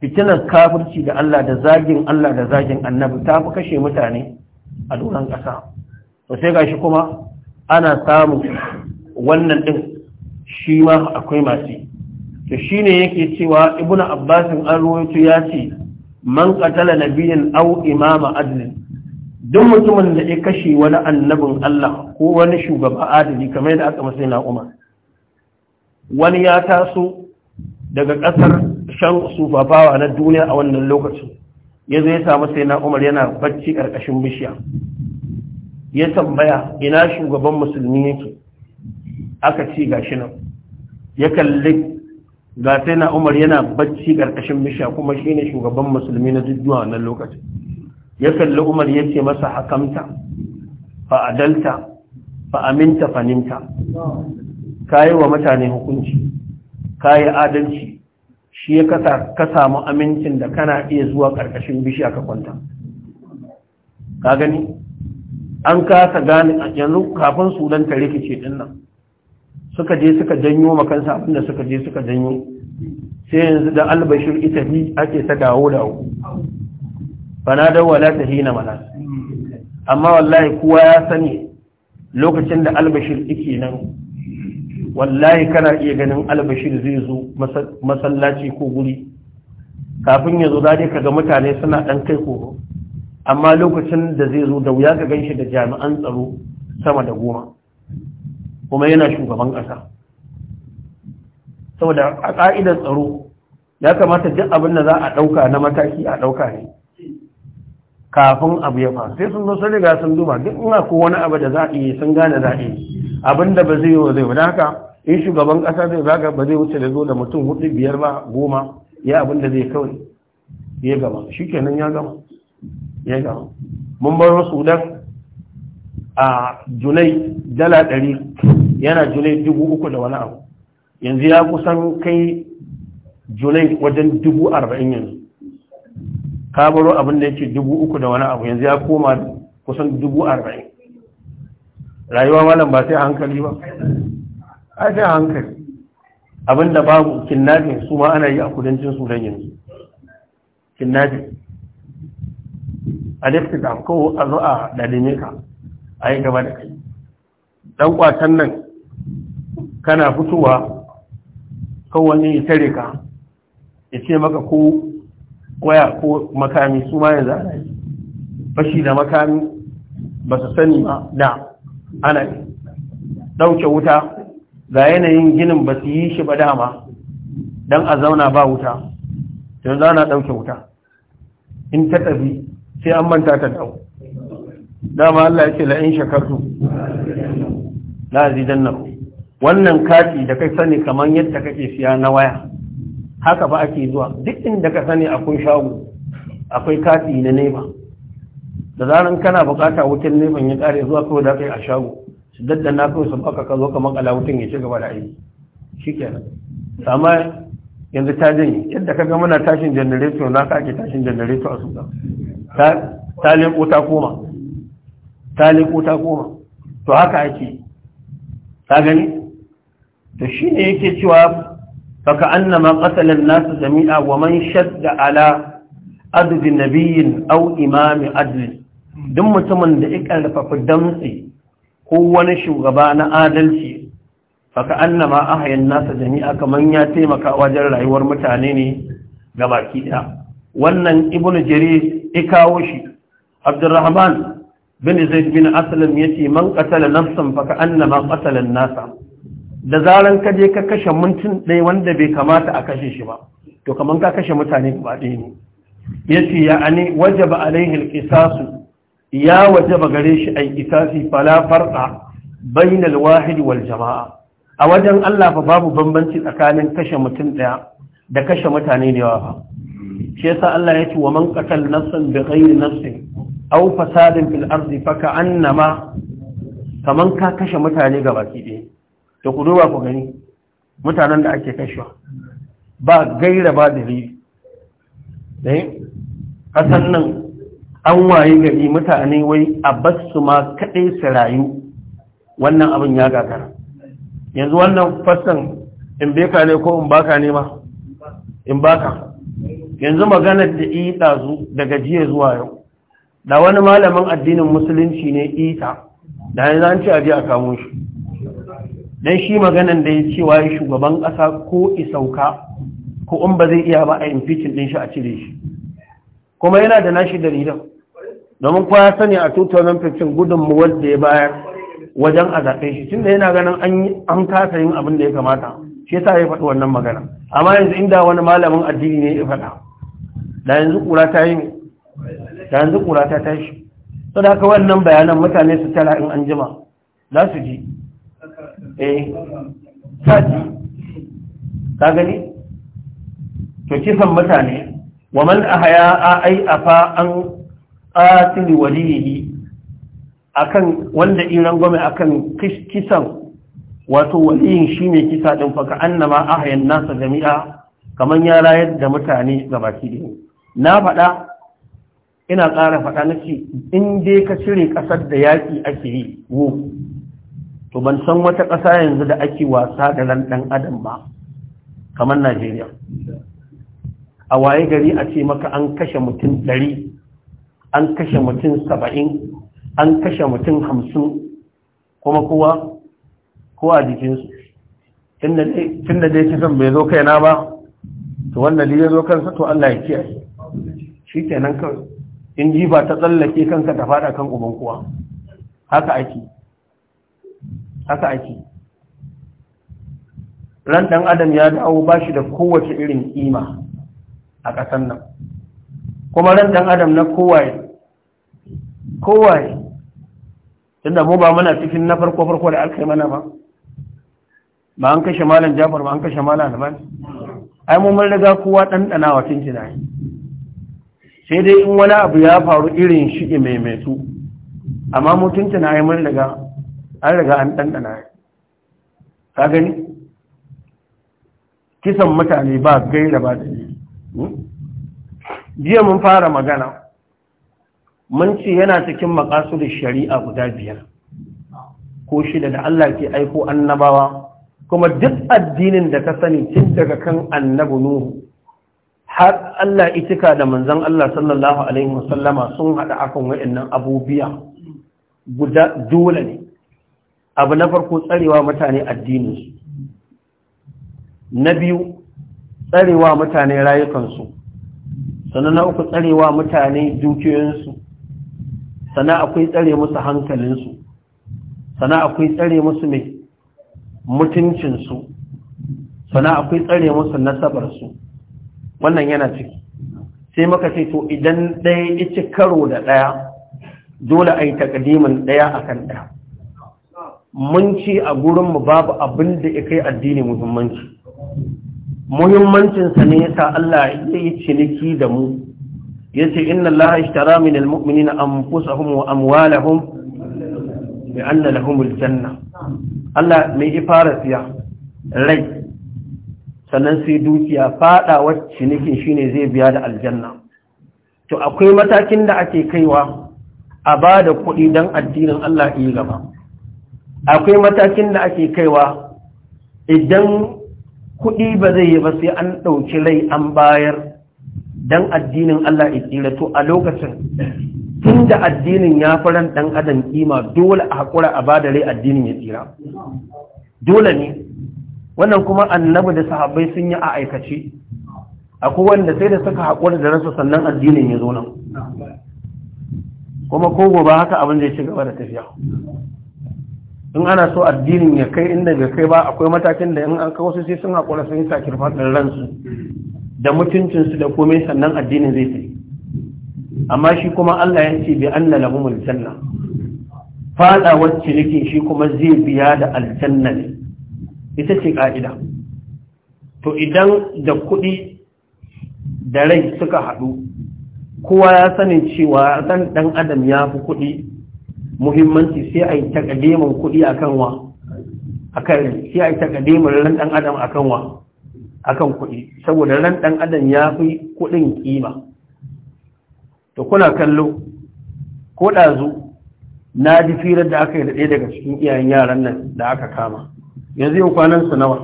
fitinan kafirci da Allah da zagin Allah da zagin annabi ta fi kashe mutane a doron ƙasa to sai gashi kuma ana samu wannan din shi ma akwai masu to shine yake cewa ibnu Abbas an rawaito ya ce man qatala nabiyyan aw imama adlin duk mutumin da ya kashe wani annabin Allah ko wani shugaba adali kamar yadda aka masa na Umar wani ya taso daga ƙasar shan sufafawa na duniya a wannan lokacin ya zo ya samu sai na umar yana bacci ƙarƙashin bishiya ya tambaya ina shugaban musulmi yake aka ci gashi nan ya kalli ga sai na umar yana bacci ƙarƙashin bishiya kuma shi ne shugaban musulmi na duk zuwa wannan lokacin ya kalli umar ya ce masa hakamta fa'adalta fa'aminta faninta kayi wa mutane hukunci kayi adalci shi ya kasa ka samu amincin da kana iya zuwa ƙarƙashin bishiya ka kwanta ka gani an kasa gane yanzu kafin sudan ta ce din nan suka je suka janyo makansa abinda suka je suka janyo sai yanzu da albashir ita bi ake ta dawo dawo bana da wala ta hina mana amma wallahi kowa ya sani lokacin da albashir ike nan wallahi kana iya ganin albashir zai zo masallaci ko guri kafin ya zo dai kaga mutane suna dan kai koro amma lokacin da zai zo da wuya ka ganshi da jami'an tsaro sama da goma kuma yana shugaban ƙasa saboda a ƙa'idar tsaro ya kamata duk abin da za a ɗauka na mataki a ɗauka ne kafin abu ya faru sai sun zo sun riga sun duba duk ina ko wani abu da za a yi sun gane za a yi abin da ba zai yi wa zai haka in shugaban ƙasa zai zaga ba zai wuce da zo da mutum hudu biyar ba goma ya abin da zai kawai ya gama shi kenan ya gama ya gama mun baro dan a junai dala ɗari yana junai dubu uku da wani abu yanzu ya kusan kai junai wajen dubu arba'in yanzu ka baro abin da yake dubu uku da wani abu yanzu ya koma kusan dubu arba'in rayuwa malam ba sai a hankali ba a hankali abinda babu kinnafin su ma ana yi a kudancin sudan yanzu kinnafin a lifti da kowa a zo a dalime ka a yi gaba da kai dan kwatan nan kana fitowa kowanne ya tare ka ya ce maka ko waya ko makami su ma yanzu ana yi fashi da makami ba su sani ba da ana yi ɗauke wuta ga yanayin ginin ba su yi shi ba dama don a zauna ba wuta don za na ɗauke wuta in ta tafi sai an manta ta ɗau. dama Allah ya ce la'in shakartu la zidan na wannan kati da kai sani kamar yadda kake siya na waya haka ba ake zuwa duk inda ka sani akwai shago akwai kati na neba da zaran kana bukata wutar neban ya kare zuwa kawai da kai a shago su na kawai su baka ka zo ka makala wutan ya ce gaba da aiki shi kenan amma yanzu ta janye yadda ka ga muna tashin janareto na ka ake tashin janareto a suka ta leko ta koma ta leko ta koma to haka ake ta gani to shi ne yake cewa faka annama qatalin nasu jami'a wa man shadda ala adbi nabiyyin aw imami adl duk mutumin da ya karfafa damtsi ko wani shugaba na adalci faka annama ahayan nasa jami'a kamar ya taimaka wajen rayuwar mutane ne ga baki ɗaya wannan ibn jari ya kawo shi abdurrahman bin zaid bin aslam yace man qatala nafsan faka annama qatala nasa da zaran ka je ka kashe mutum ɗaya wanda bai kamata a kashe shi ba to kamar ka kashe mutane ba ɗaya ne yace ya ani wajaba alaihi alqisasu ya wajaba gare shi ai kisasi fala farqa bainal wahid wal jama'a a wajen Allah fa babu bambanci tsakanin kashe mutum ɗaya da kashe mutane da yawa shi yasa Allah ya ce wa man qatal nafsan bi ghairi nafsin aw fasadin fil ardi fa ka'annama kaman ka kashe mutane ga baki ɗaya to ku duba ku gani mutanen da ake kashewa ba gaira ba dalili dai eh? kasan nan an waye gari mutane wai a basu ma kaɗai su rayu wannan abin ya gagara yanzu wannan fassan in beka ne ko in baka ne ma in baka yanzu magana da ita zu daga jiya zuwa yau da wani malamin addinin musulunci ne ita da ya an a jiya a kamo shi dan shi maganan da ya ce cewa shugaban ƙasa ko isauka ko in ba zai iya ba a impeachment din shi a cire shi kuma yana da nashi dalilan domin kuwa ya sani a 2015 gudunmuwar da ya bayar wajen a zaɓe shi tunda yana ganin an kasa yin abin da ya kamata shi yasa ya faɗi wannan magana amma yanzu inda wani malamin addini ne ya faɗa da yanzu ƙura ta yi da yanzu ƙura ta tashi to da wannan bayanan mutane su tara in an jima za su ji eh ta ji ka gani to kisan mutane wa man ahaya ai afa an qatil walihi akan wanda iran gome akan kisan wato waliyin shine kisa din faka, annama ahayan nasa jami'a kaman ya rayar da mutane gabaki ɗaya na faɗa ina ƙara faɗa na ce in dai ka cire ƙasar da yaƙi ake yi wo to ban san wata ƙasa yanzu da ake wasa da ɗan adam ba kamar najeriya a waye gari a ce maka an kashe mutum ɗari an kashe mutum saba'in an kashe mutum hamsin kuma kowa kowa jikinsu tun da dai kisan bai zo kaina ba to wannan da ya zo kansa to Allah ya kiyaye shi kenan kan in ji ba ta tsallake kanka ta faɗa kan uban kuwa haka ake haka ake ran ɗan adam ya dawo ba shi da kowace irin kima a ƙasar nan kuma ran ɗan adam na kowaye kowaye tunda mu ba muna cikin na farko farko da aka yi mana ba ba an kashe malam jafar ba an kashe malam Alman. ai mu riga kowa ɗanɗana wa cin jina sai dai in wani abu ya faru irin shi mai mai amma mutunta na ai mun riga an riga an ɗanɗana ka gani kisan mutane ba gaira ba da ne Hmm? jiya mun fara magana mun ce yana cikin da shari'a guda biyar ko shida da Allah ke aiko annabawa kuma duk addinin da ka sani tun daga kan annabu nuhu har Allah itika da manzan Allah sallallahu alaihi wasallama sun hada akan waɗannan abubuwa guda dole ne abu na farko tsarewa mutane su na biyu tsarewa mutane rayukansu sannan na uku tsarewa mutane dukiyoyinsu sannan akwai tsare musu hankalinsu sannan akwai tsare musu mai mutuncinsu sannan akwai tsare musu nasabarsu wannan yana ciki sai maka ce to idan ɗaya ici karo da ɗaya dole a yi takadimin ɗaya a kan ɗaya mun ci a gurinmu babu abin da ya kai addini muhimmanci muhimmancinsa ne yasa Allah ya yi ciniki da mu yace inna Allah ishtara min almu'minina anfusahum wa amwalahum bi anna lahum aljanna Allah mai ifara siya rai sannan sai dukiya fada ciniki cinikin shine zai biya da aljanna to akwai matakin da ake kaiwa a ba da kuɗi don addinin Allah yi gaba akwai matakin da ake kaiwa idan kuɗi ba zai yi ba sai an ɗauki rai an bayar don addinin Allah ya tsira to a lokacin tun da addinin ya faran ɗan adam kima dole a haƙura a bada rai addinin ya tsira dole ne wannan kuma annabi da sahabbai sun yi a aikace akwai wanda sai da suka haƙura da rasu sannan addinin ya zo nan kuma ko gobe haka abin zai ci gaba da tafiya in ana so addinin ya kai inda bai kai ba akwai matakin da in an kawo sai sun haƙura sun yi sakir faɗin ransu da mutuncinsu da komai sannan addinin zai fi amma shi kuma Allah ya ce bi anna mu aljanna fada wacce nake shi kuma zai biya da aljanna ne ita ce ka'ida to idan da kuɗi da rai suka haɗu kowa ya sanin cewa dan dan adam ya fi kuɗi muhimmanci sai a yi takadimin kuɗi a kan wa akan sai a yi takadimin ran ɗan adam a kan wa a kan kuɗi saboda ran ɗan adam ya fi kuɗin kima to kuna kallo ko ɗazu na ji firar da aka yi da daga cikin iyayen yaran nan da aka kama yanzu yau su nawa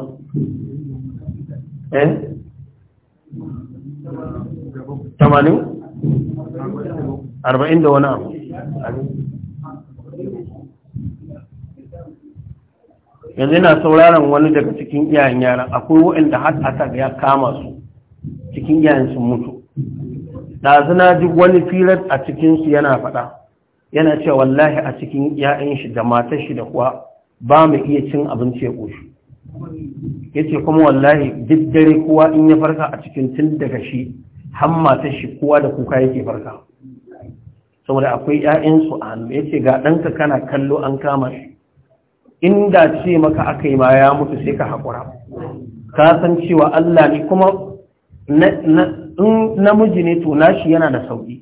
eh tamanin arba'in da wani abu yanzu yana sauraron wani daga cikin iyayen yaran akwai waɗanda har attack ya kama su cikin iyayen sun mutu ɗazuna na ji wani filar a cikinsu yana faɗa yana cewa wallahi a cikin iyayen shi da matar shi da kuwa ba mu iya cin abinci ya ƙoshi ya ce kuma wallahi duk dare kowa in ya farka a cikin tun daga shi har matar shi kowa da kuka yake farka saboda akwai 'ya'yansu a hannu ya ce ga ɗanka kana kallo an kama shi inda ce maka aka yi ma ya mutu sai ka haƙura ka san cewa Allah ne kuma namiji ne to nashi yana da sauƙi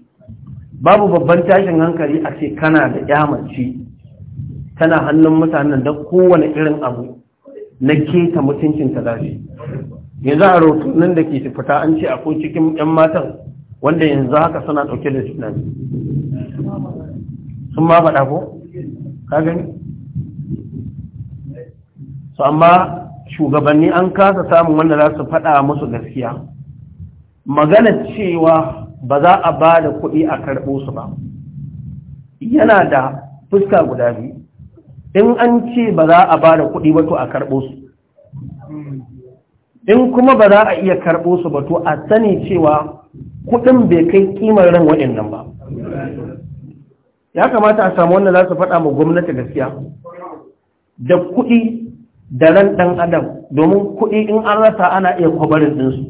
babu babban tashin hankali a ce kana da yamace tana hannun mutanen da kowane irin abu na keta mutuncinta za shi yanzu a rotunan da ke fita an ce akwai cikin 'yan matan wanda yanzu haka suna ɗauke da juna sun ma faɗa ko? ka gani? su amma shugabanni an kasa samun wanda za su faɗa musu gaskiya magana cewa ba za a ba da kuɗi a karɓo su ba yana da fuska guda biyu in an ce ba za a ba da kuɗi ba a karɓo su in kuma ba za a iya karɓo su ba to a sani cewa kuɗin bai kai ƙimar ran waɗannan ba ya kamata a samu wanda za su faɗa ma gwamnati gaskiya da kuɗi da ran ɗan adam domin kuɗi in an rasa ana iya kwabarin ɗinsu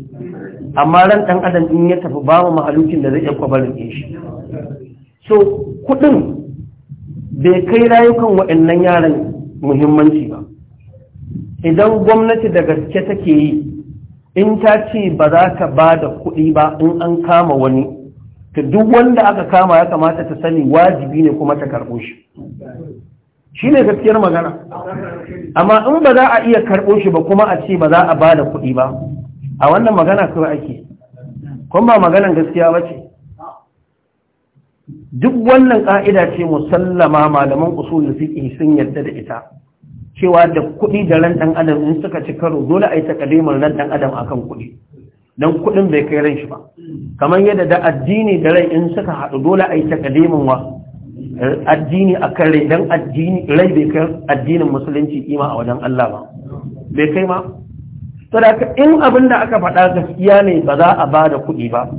amma ran ɗan adam in ya tafi babu mahalukin da zai iya kwabarin ɗin shi so kuɗin bai kai rayukan waɗannan yaran muhimmanci ba idan gwamnati da gaske take yi in ta ce ba za ta ba da kuɗi ba in an kama wani to duk wanda aka kama ya kamata ta sani wajibi ne kuma ta karɓo shi shi ne gaskiyar magana amma in ba za a iya karɓo shi ba kuma a ce ba za a ba da kuɗi ba a wannan magana kawai ake kuma ba maganan gaskiya ba ce duk wannan ƙa'ida ce musallama malaman usul suke sun yarda da ita cewa da kuɗi da ran ɗan adam in suka ci karo dole a yi takalimar ran ɗan adam akan kuɗi don kuɗin bai kai ran shi ba kamar yadda da addini da rai in suka haɗu dole a yi takalimin wa addini a kan rai don addini rai bai kai addinin musulunci kima a wajen Allah ba bai kai ma to da in abin da aka faɗa gaskiya ne ba za a ba da kuɗi ba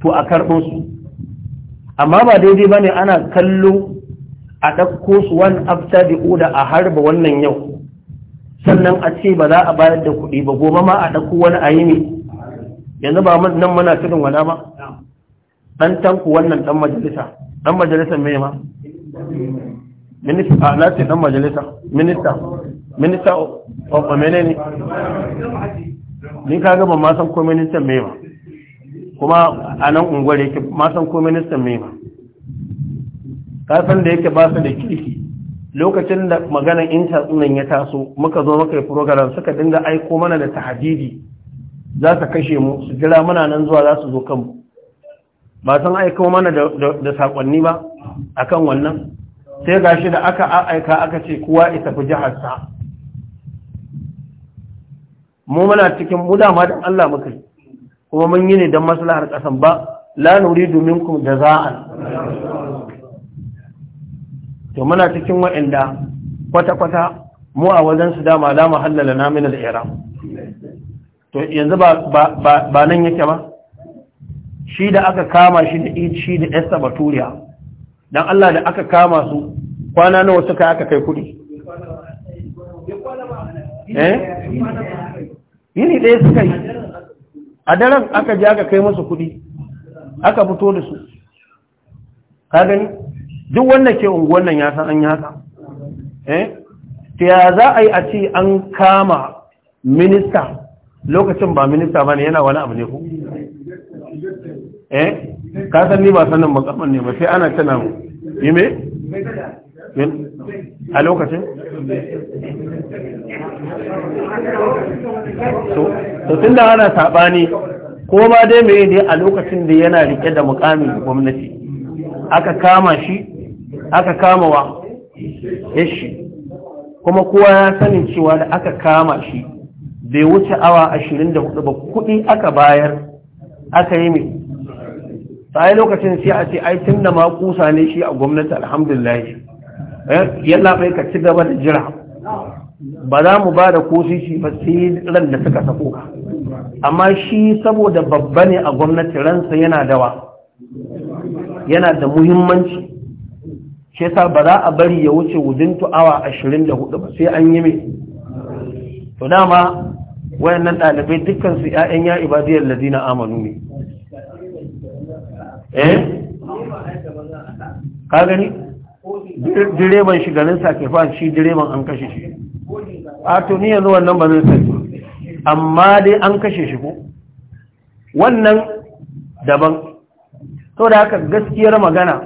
to a karɓo su amma ba daidai ba ne ana kallo a ɗauko su wani afta da oda a harba wannan yau sannan a ce ba za a bayar da kuɗi ba gobe ma a ɗauko wani a yi ne yanzu ba nan muna shirin wala ba An tanku wannan ɗan majalisa dan majalisar mai ma minista na ce dan majalisa minista minista of menene ni ka gaba ma san ko ministan mai ma kuma a nan unguwar yake ma san ko ministan mai ma ka san da yake ba su da kirki lokacin da maganar inta nan ya taso muka zo muka yi program suka dinga aiko mana da tahadidi za su kashe mu su jira muna nan zuwa za su zo kanmu ba san aika mana da sakonni ba akan wannan sai gashi da aka aika aka ce kuwa isa fi jihar sa mu muna cikin mudama dama da Allah muka yi kuma mun yi ne don maslahar kasan ba la nuridu minkum jaza'an to muna cikin wa'anda kwata-kwata mu a wajen su dama la mahallala na mina da iram to yanzu ba ba nan yake ba shi da aka kama shi da shi da Esther Baturiya don Allah da aka kama su kwana nawa suka aka kai kudi eh yini dai suka yi a daren aka je aka kai musu kudi aka fito da su ka gani duk wannan ke unguwan nan ya san an yi haka eh? ya za a yi a ce an kama minista lokacin ba minista ba ne yana wani abu ne ku eh ka san ni ba sanin makaman ne ba sai ana tana yi me a lokacin so tun da ana saɓani ko ma dai mai ne a lokacin da yana rike da mukamin gwamnati aka kama shi aka kama wa yashi kuma kowa ya sanin cewa da aka kama shi bai wuce awa ashirin da hudu ba kuɗi aka bayar aka yi mai sai lokacin sai a ce ai tun da ma kusa ne shi a gwamnati alhamdulillah eh, yalla bai ka ci gaba da jira ba za mu ba da kosishi ba sai ran da suka sako ka amma shi saboda babba ne a gwamnati ransa yana dawa yana da muhimmanci shi yasa ba za a bari ya wuce wudin awa 24 ba sai an yi mai to dama wayannan ɗalibai dukkan su 'ya'yan ya ibadiyar ladina amanu ne Eh? ka gani direban shi sake fa shi direban an kashe shi a to ni yanzu wannan ba zai sani amma dai an kashe shi ko wannan daban to da haka gaskiyar magana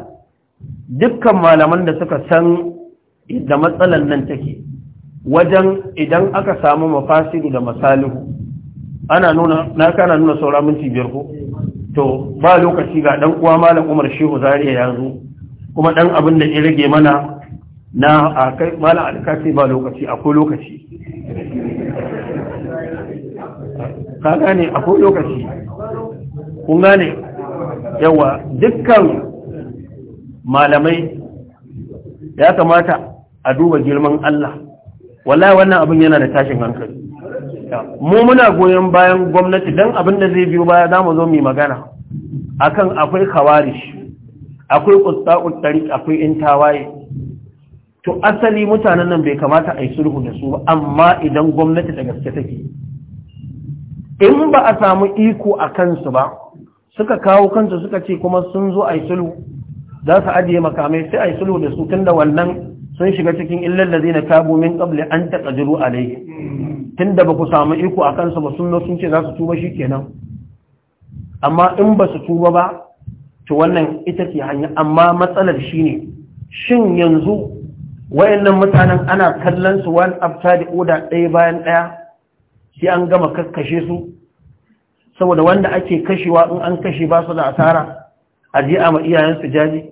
dukkan malaman da suka san da matsalan nan take wajen idan aka samu mafasiru da masalihu ana nuna na kana nuna sauramin minti ko to ba lokaci ga dan uwa malam Umar Shehu Zariya ya zo kuma dan abin da ya rage mana na a kai malam alkasi ba lokaci akwai lokaci ka gane akwai lokaci kun gane yawa dukkan malamai ya kamata a duba girman Allah wallahi wannan abin yana da tashin hankali mu muna goyon bayan gwamnati don abin da zai biyo baya za mu zo mai magana akan akwai kawarish akwai kutsa'ul tariq akwai in tawaye to asali mutanen nan bai kamata a yi sulhu da su amma idan gwamnati da gaske take in ba a samu iko a kansu ba suka kawo kansu suka ce kuma sun zo a yi sulhu za su ajiye makamai sai a yi sulhu da su tun da wannan sun shiga cikin illar da zai na kabo min kabli an a alaihi tunda ba ku samu iko a kansa ba sun sun ce za su tuba shi kenan amma in ba su tuba ba to wannan ita ce hanya amma matsalar shi ne shin yanzu wayannan mutanen ana kallon su wani abta da oda ɗaya bayan ɗaya sai an gama kakkashe su saboda wanda ake kashewa in an kashe ba su da asara a je a ma iyayensu jaji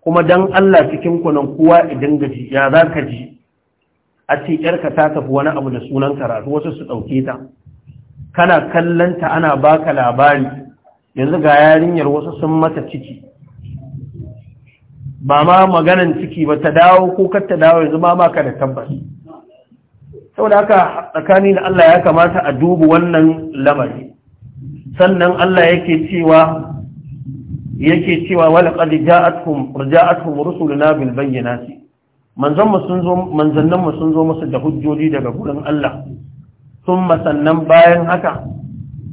kuma dan Allah cikin kunan kowa idan gaji ya za ka ji a ce yarka ta tafi wani abu da sunan karatu wasu su ɗauke ta kana kallanta ana baka labari yanzu ga yarinyar wasu sun mata ciki ba ma maganan ciki ba ta dawo ko kar ta dawo yanzu ma maka da tabbas saboda haka tsakani da Allah ya kamata a duba wannan lamari sannan Allah yake cewa yake cewa wala ja'atkum raja'atkum rusuluna bil bayyinati manzanninmu sun zo masa da hujjoji daga gurin Allah sun sannan bayan haka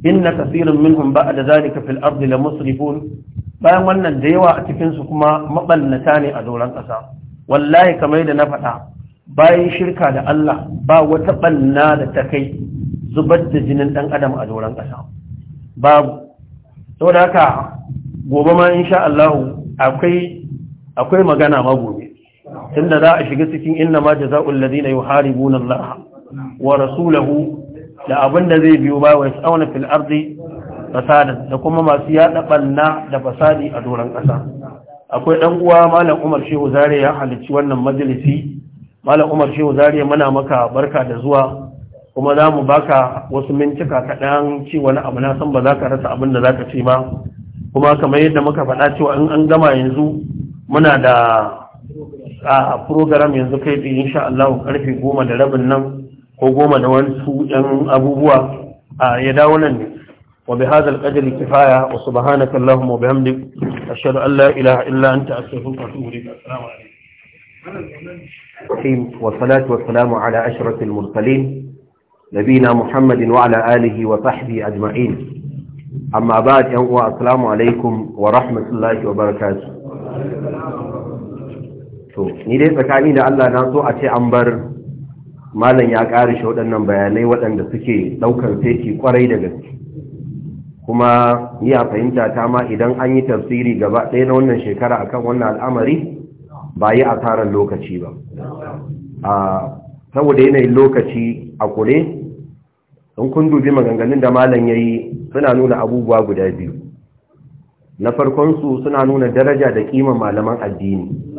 inna kasirin minhum ba da zalika fil ardi la musrifun bayan wannan da yawa a cikin su kuma maballata ne a doron ƙasa wallahi kamar da na faɗa bayan shirka da Allah ba wata banna da ta kai zubar da jinin ɗan adam a doron ƙasa babu saboda haka gobe ma insha Allah akwai akwai magana magobi tunda za a shiga cikin inna ma jaza'ul ladina yuharibuna Allah wa rasulahu da abin da zai biyo ba wa yas'auna fil ardi fasada da kuma masu yada banna da fasadi a doron kasa akwai dan uwa malam Umar Shehu Zare ya halicci wannan majalisi malam Umar Shehu Zare muna maka barka da zuwa kuma za mu baka wasu mintuka kaɗan ce wani abu na san ba za ka rasa abin da za ka ce ba kuma kamar yadda muka faɗa cewa in an gama yanzu muna da a program yanzu kai tsaye insha Allah karfe goma da rabin nan ko goma da wasu yan abubuwa ya dawo nan ne wa bi hadha al-qadr kifaya wa subhanaka allahumma wa bihamdik ashhadu an la ilaha illa anta astaghfiruka wa atubu ilayk assalamu alaikum والصلاة والسلام على أشرف المرسلين نبينا محمد وعلى آله وصحبه أجمعين أما بعد يوم السلام عليكم ورحمة الله وبركاته to ni dai tsakani da Allah na so a ce an bar malam ya ƙari shi waɗannan bayanai waɗanda suke ɗaukar feki ƙwarai da gaske kuma ni a fahimta ta ma idan an yi tafsiri gaba ɗaya na wannan shekara akan wannan al'amari ba yi asarar lokaci ba saboda yanayin lokaci a kure in kun dubi maganganun da malam ya yi suna nuna abubuwa guda biyu na farkonsu suna nuna daraja da ƙima malaman addini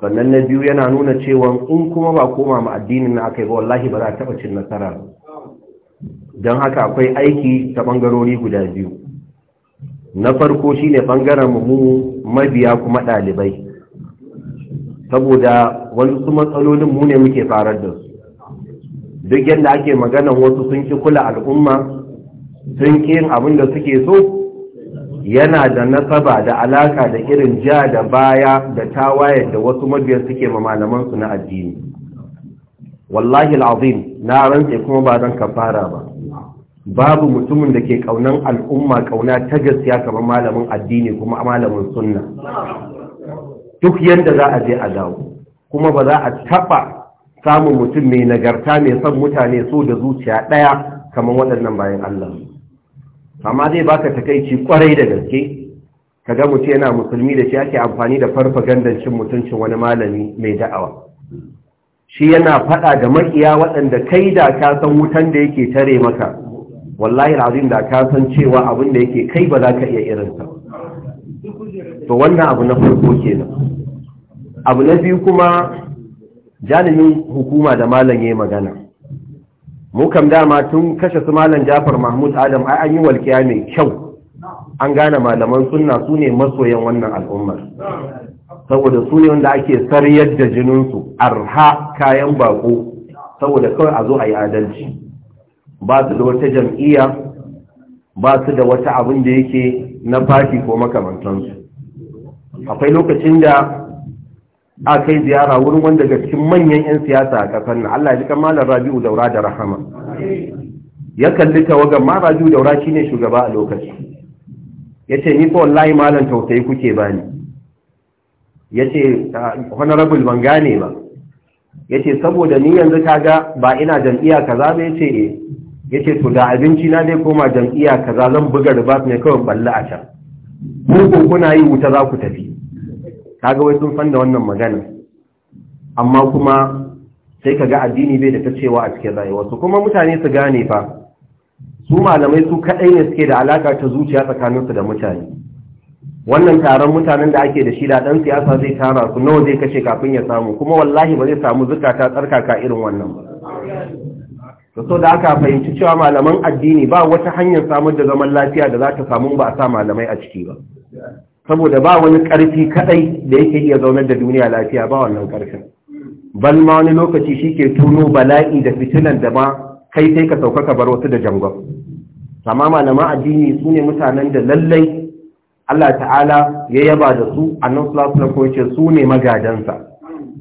sannan na biyu yana nuna cewa in kuma ba koma ma addinin na aka yi ba wallahi ba za a taɓa cin nasara don haka akwai aiki ta ɓangarori guda biyu na farko shi ne ɓangaren mu mabiya kuma ɗalibai saboda wasu matsalolin mu ne muke farar da su duk yadda ake maganan wasu sun ki kula al'umma sun ki yin abin da suke so yana da nasaba da alaka da irin ja da baya da tawaye da wasu mabiyan suke ma malaman na addini wallahi alazim na rantse kuma ba dan kafara ba babu mutumin da ke kaunan al'umma kauna ta gaskiya kamar malamin addini kuma malamin sunna duk yadda za a je a dawo kuma ba za a taɓa samun mutum mai nagarta mai son mutane so da zuciya ɗaya kamar waɗannan bayan Allah amma zai baka takaici kwarai da gaske Ka ga mutum yana musulmi da shi ake amfani da farfagandancin cin mutuncin wani malami mai da'awa shi yana faɗa da makiya waɗanda kai da ka san wutan da yake tare maka wallahi azim da ka san cewa abin da yake kai ba za ka iya irinsa to wannan abu na farko kenan abu na biyu kuma jalimin hukuma da malam yayi magana mu kam dama tun kashe su malam jafar mahmud adam ai an yi walƙiya mai kyau an gane malaman sunna su ne masoyan wannan al'ummar saboda su ne wanda ake sariyar da jininsu arha kayan bako saboda kawai a zo a yi adalci ba su da wata jam'iyya ba su da wata abin da yake na fashi ko makamantansu akwai lokacin da a kai ziyara wurin wanda ga cikin manyan 'yan siyasa a kasar nan Allah ya ji kamalar Rabi'u Daura da Rahama ya kalli tawagan ma Rabi'u Daura shine shugaba a lokaci yace ni fa wallahi malam tausayi kuke ba bani yace honorable ban gane ba yace saboda ni yanzu ga, ba ina jam'iyya kaza ba yace Ya yace eh. to da abinci na zai koma jam'iyya kaza zan buga ribat ne kawai balla a can ku kuna yi wuta za ku tafi kaga wai sun sanda wannan magana amma kuma sai kaga addini bai da ta cewa a cikin rayuwarsu kuma mutane su gane fa su malamai su kadai ne suke da alaka ta zuciya tsakaninsu da mutane wannan taron mutanen da ake da shi da dan siyasa zai tara su nawa zai kashe kafin ya samu kuma wallahi ba zai samu zukata tsarkaka irin wannan ba so da aka fahimci cewa malaman addini ba wata hanyar samar da zaman lafiya da za ta samu ba a sa malamai a ciki ba saboda ba wani ƙarfi kaɗai da yake iya zaunar da duniya lafiya ba wannan ƙarfin bal ma wani lokaci shi ke tuno bala'i da fitilan da ma kai sai ka sauka ka bar wasu da jangon amma malaman addini su ne mutanen da lallai Allah ta'ala ya yaba da su annan sulasulan ko ce su ne magadansa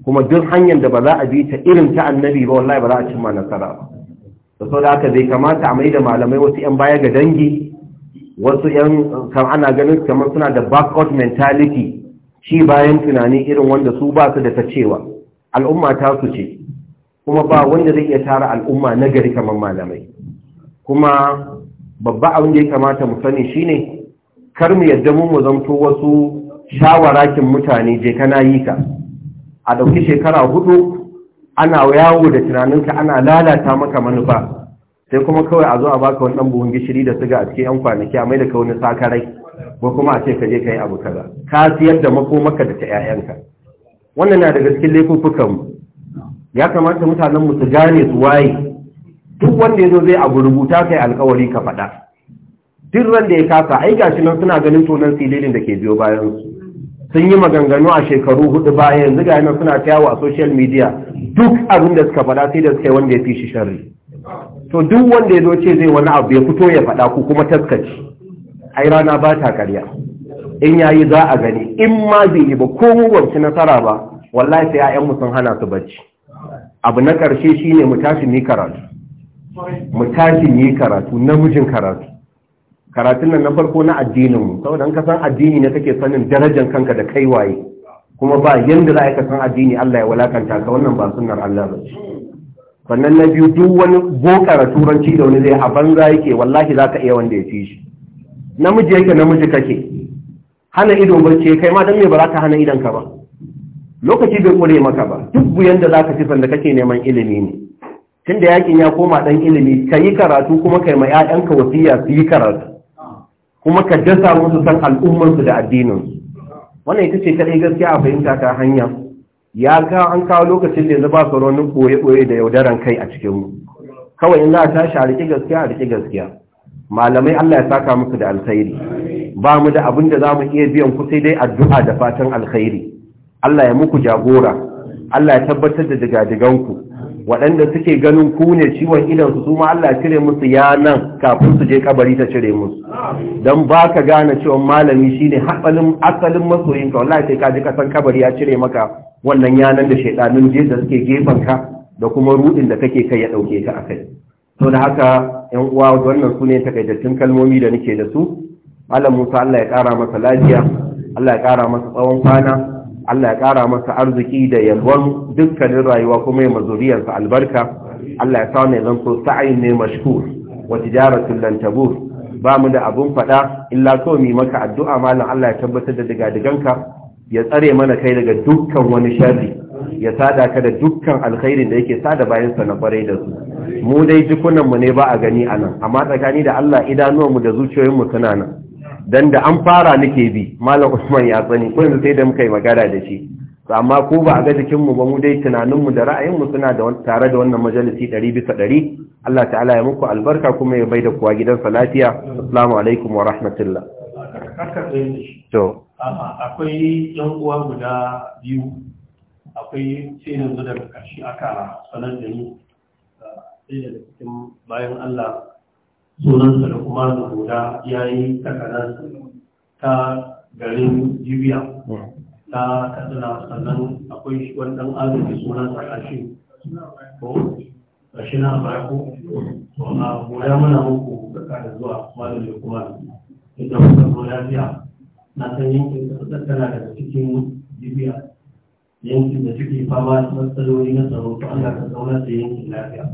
kuma duk hanyar da ba za a bi ta irin ta annabi ba wallahi ba za a cimma nasara ba da sau da haka zai kamata a mai da malamai wasu 'yan baya ga dangi wasu yan ana ganin kamar suna da backward mentality shi bayan tunani irin wanda su ba su da ta cewa al'umma ta su ce kuma ba wanda zai iya tara al'umma na gari kamar malamai kuma babba abin da ya kamata mu sani shine kar mu yadda mu mu zamto wasu shawarakin mutane je kana yi ka a ɗauki shekara hudu ana yawo da tunaninka ana lalata maka manufa sai kuma kawai a zo a baka wani ɗan buhun gishiri da suga a cikin yan kwanaki a mai da ka wani sakarai ko kuma a ce ka je ka yi abu kaza ka siyar da makomaka da ta ƴaƴanka wannan na daga cikin laifukan mu ya kamata mutanen mu su gane su waye duk wanda ya zo zai abu rubuta kai alkawari ka faɗa duk ran ya kasa ai gashi nan suna ganin tonan sililin da ke biyo bayan su sun yi maganganu a shekaru hudu baya yanzu ga yana suna tawa a social media duk abin da suka faɗa sai da suka yi wanda ya fi shi sharri to duk wanda ya zo ce zai wani abu ya fito ya faɗa ku kuma taskaci ai rana ba ta karya in yayi za a gani in ma zai yi ba ko mu nasara ba wallahi sai mu sun hana su bacci abu na ƙarshe shine mu tashi ni karatu mu tashi ni karatu namijin karatu karatun nan na farko na addinin mu saboda an kasan addini ne kake sanin darajar kanka da kai waye kuma ba yanda za ka san addini Allah ya walakanta ka wannan ba sunnar Allah ba sannan na biyu duk wani bokara turanci da wani zai a banza yake wallahi za ka iya wanda ya fi shi namiji yake namiji kake hana idon barci kai ma dan me ba za ka hana idon ka ba lokaci bai kure maka ba duk buyan da za ka fi sanda kake neman ilimi ne tun da yakin ya koma dan ilimi ka yi karatu kuma kai ma 'ya'yanka wasiya su yi karatu kuma ka dasa musu san al'ummarsu da addinin wannan ita ce kadai gaskiya a fahimta ta hanya ya ga an kawo lokacin da yanzu ba su ronin ɓoye-ɓoye da yaudaran kai a cikinmu kawai in za a tashi a riƙe gaskiya a riƙe gaskiya malamai Allah ya saka muku da alkhairi ba mu da abin da za mu iya biyan ku sai dai addu'a da fatan alkhairi Allah ya muku jagora Allah ya tabbatar da digadiganku waɗanda suke ganin ku ne ciwon idansu su ma Allah cire musu ya nan kafin su je kabari ta cire musu don ba ka gane cewa malami shine ne asalin masoyinka wallahi sai ka ji kasan kabari ya cire maka wannan yanan da shaidanin je da suke gefanka da kuma rudin da kake kai ya dauke ka akai to da haka yan uwa wannan sune takaitattun kalmomi da nake da su Allah Musa Allah ya kara masa lafiya Allah ya kara masa tsawon kwana Allah ya kara masa arziki da yalwan dukkanin rayuwa kuma ya mazuriyarsa albarka Allah ya sa ne zan so sa'ayin ne mashkur wa tijaratun lan tabur ba mu da abun faɗa illa so mi maka addu'a malam Allah ya tabbatar da diga diganka ya tsare mana kai daga dukkan wani sharri ya sada ka da dukkan alkhairin da yake sada bayansa na kwarai da su mu dai jikunanmu ne ba a gani anan, nan amma tsakani da Allah idanuwan mu da zuciyoyin mu suna nan dan da an fara nake bi malam Usman ya tsani ko yanzu sai da muka yi magana da shi to amma ko ba a ga jikinmu ba mu dai tunanin mu da ra'ayin mu suna da tare da wannan majalisi 100 bisa 100 Allah ta'ala ya muku albarka kuma ya bai da kuwa gidan salatiya? assalamu alaikum wa rahmatullah to akwai yan uwa guda biyu akwai sai yanzu daga ƙarshe aka sanar da ni ɗaya cikin bayan Allah sunansa da kuma da guda ya yi ta garin jibiya ta katsina sannan akwai wani ɗan arziki sunansa ƙarshe ko ƙarshe na bako ko. a goya mana muku da zuwa malam da kuma lafiya na san yankin kasar tana daga cikin libya yankin da suke fama da matsaloli na tsaro to Allah ka zauna da yankin lafiya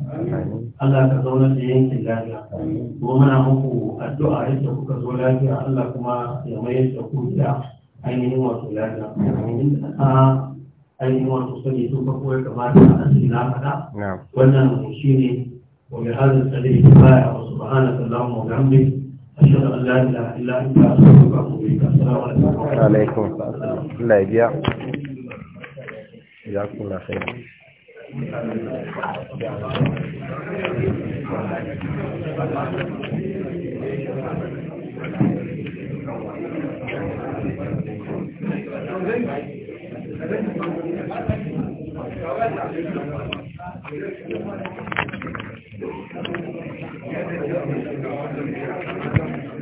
Allah ka zauna da yankin lafiya kuma muna muku addu'a yadda kuka zo lafiya Allah kuma ya mayar da ku da ainihin wato lafiya a ainihin wato sani sun farko ya kamata a asiri na faɗa wannan shi ne wani bi hadin sadri baya wa subhanaka allahumma wa bihamdika أشهد لا إله إلا أنت أستغفرك وأتوب السلام عليكم السلام لا يبيع جزاكم الله خير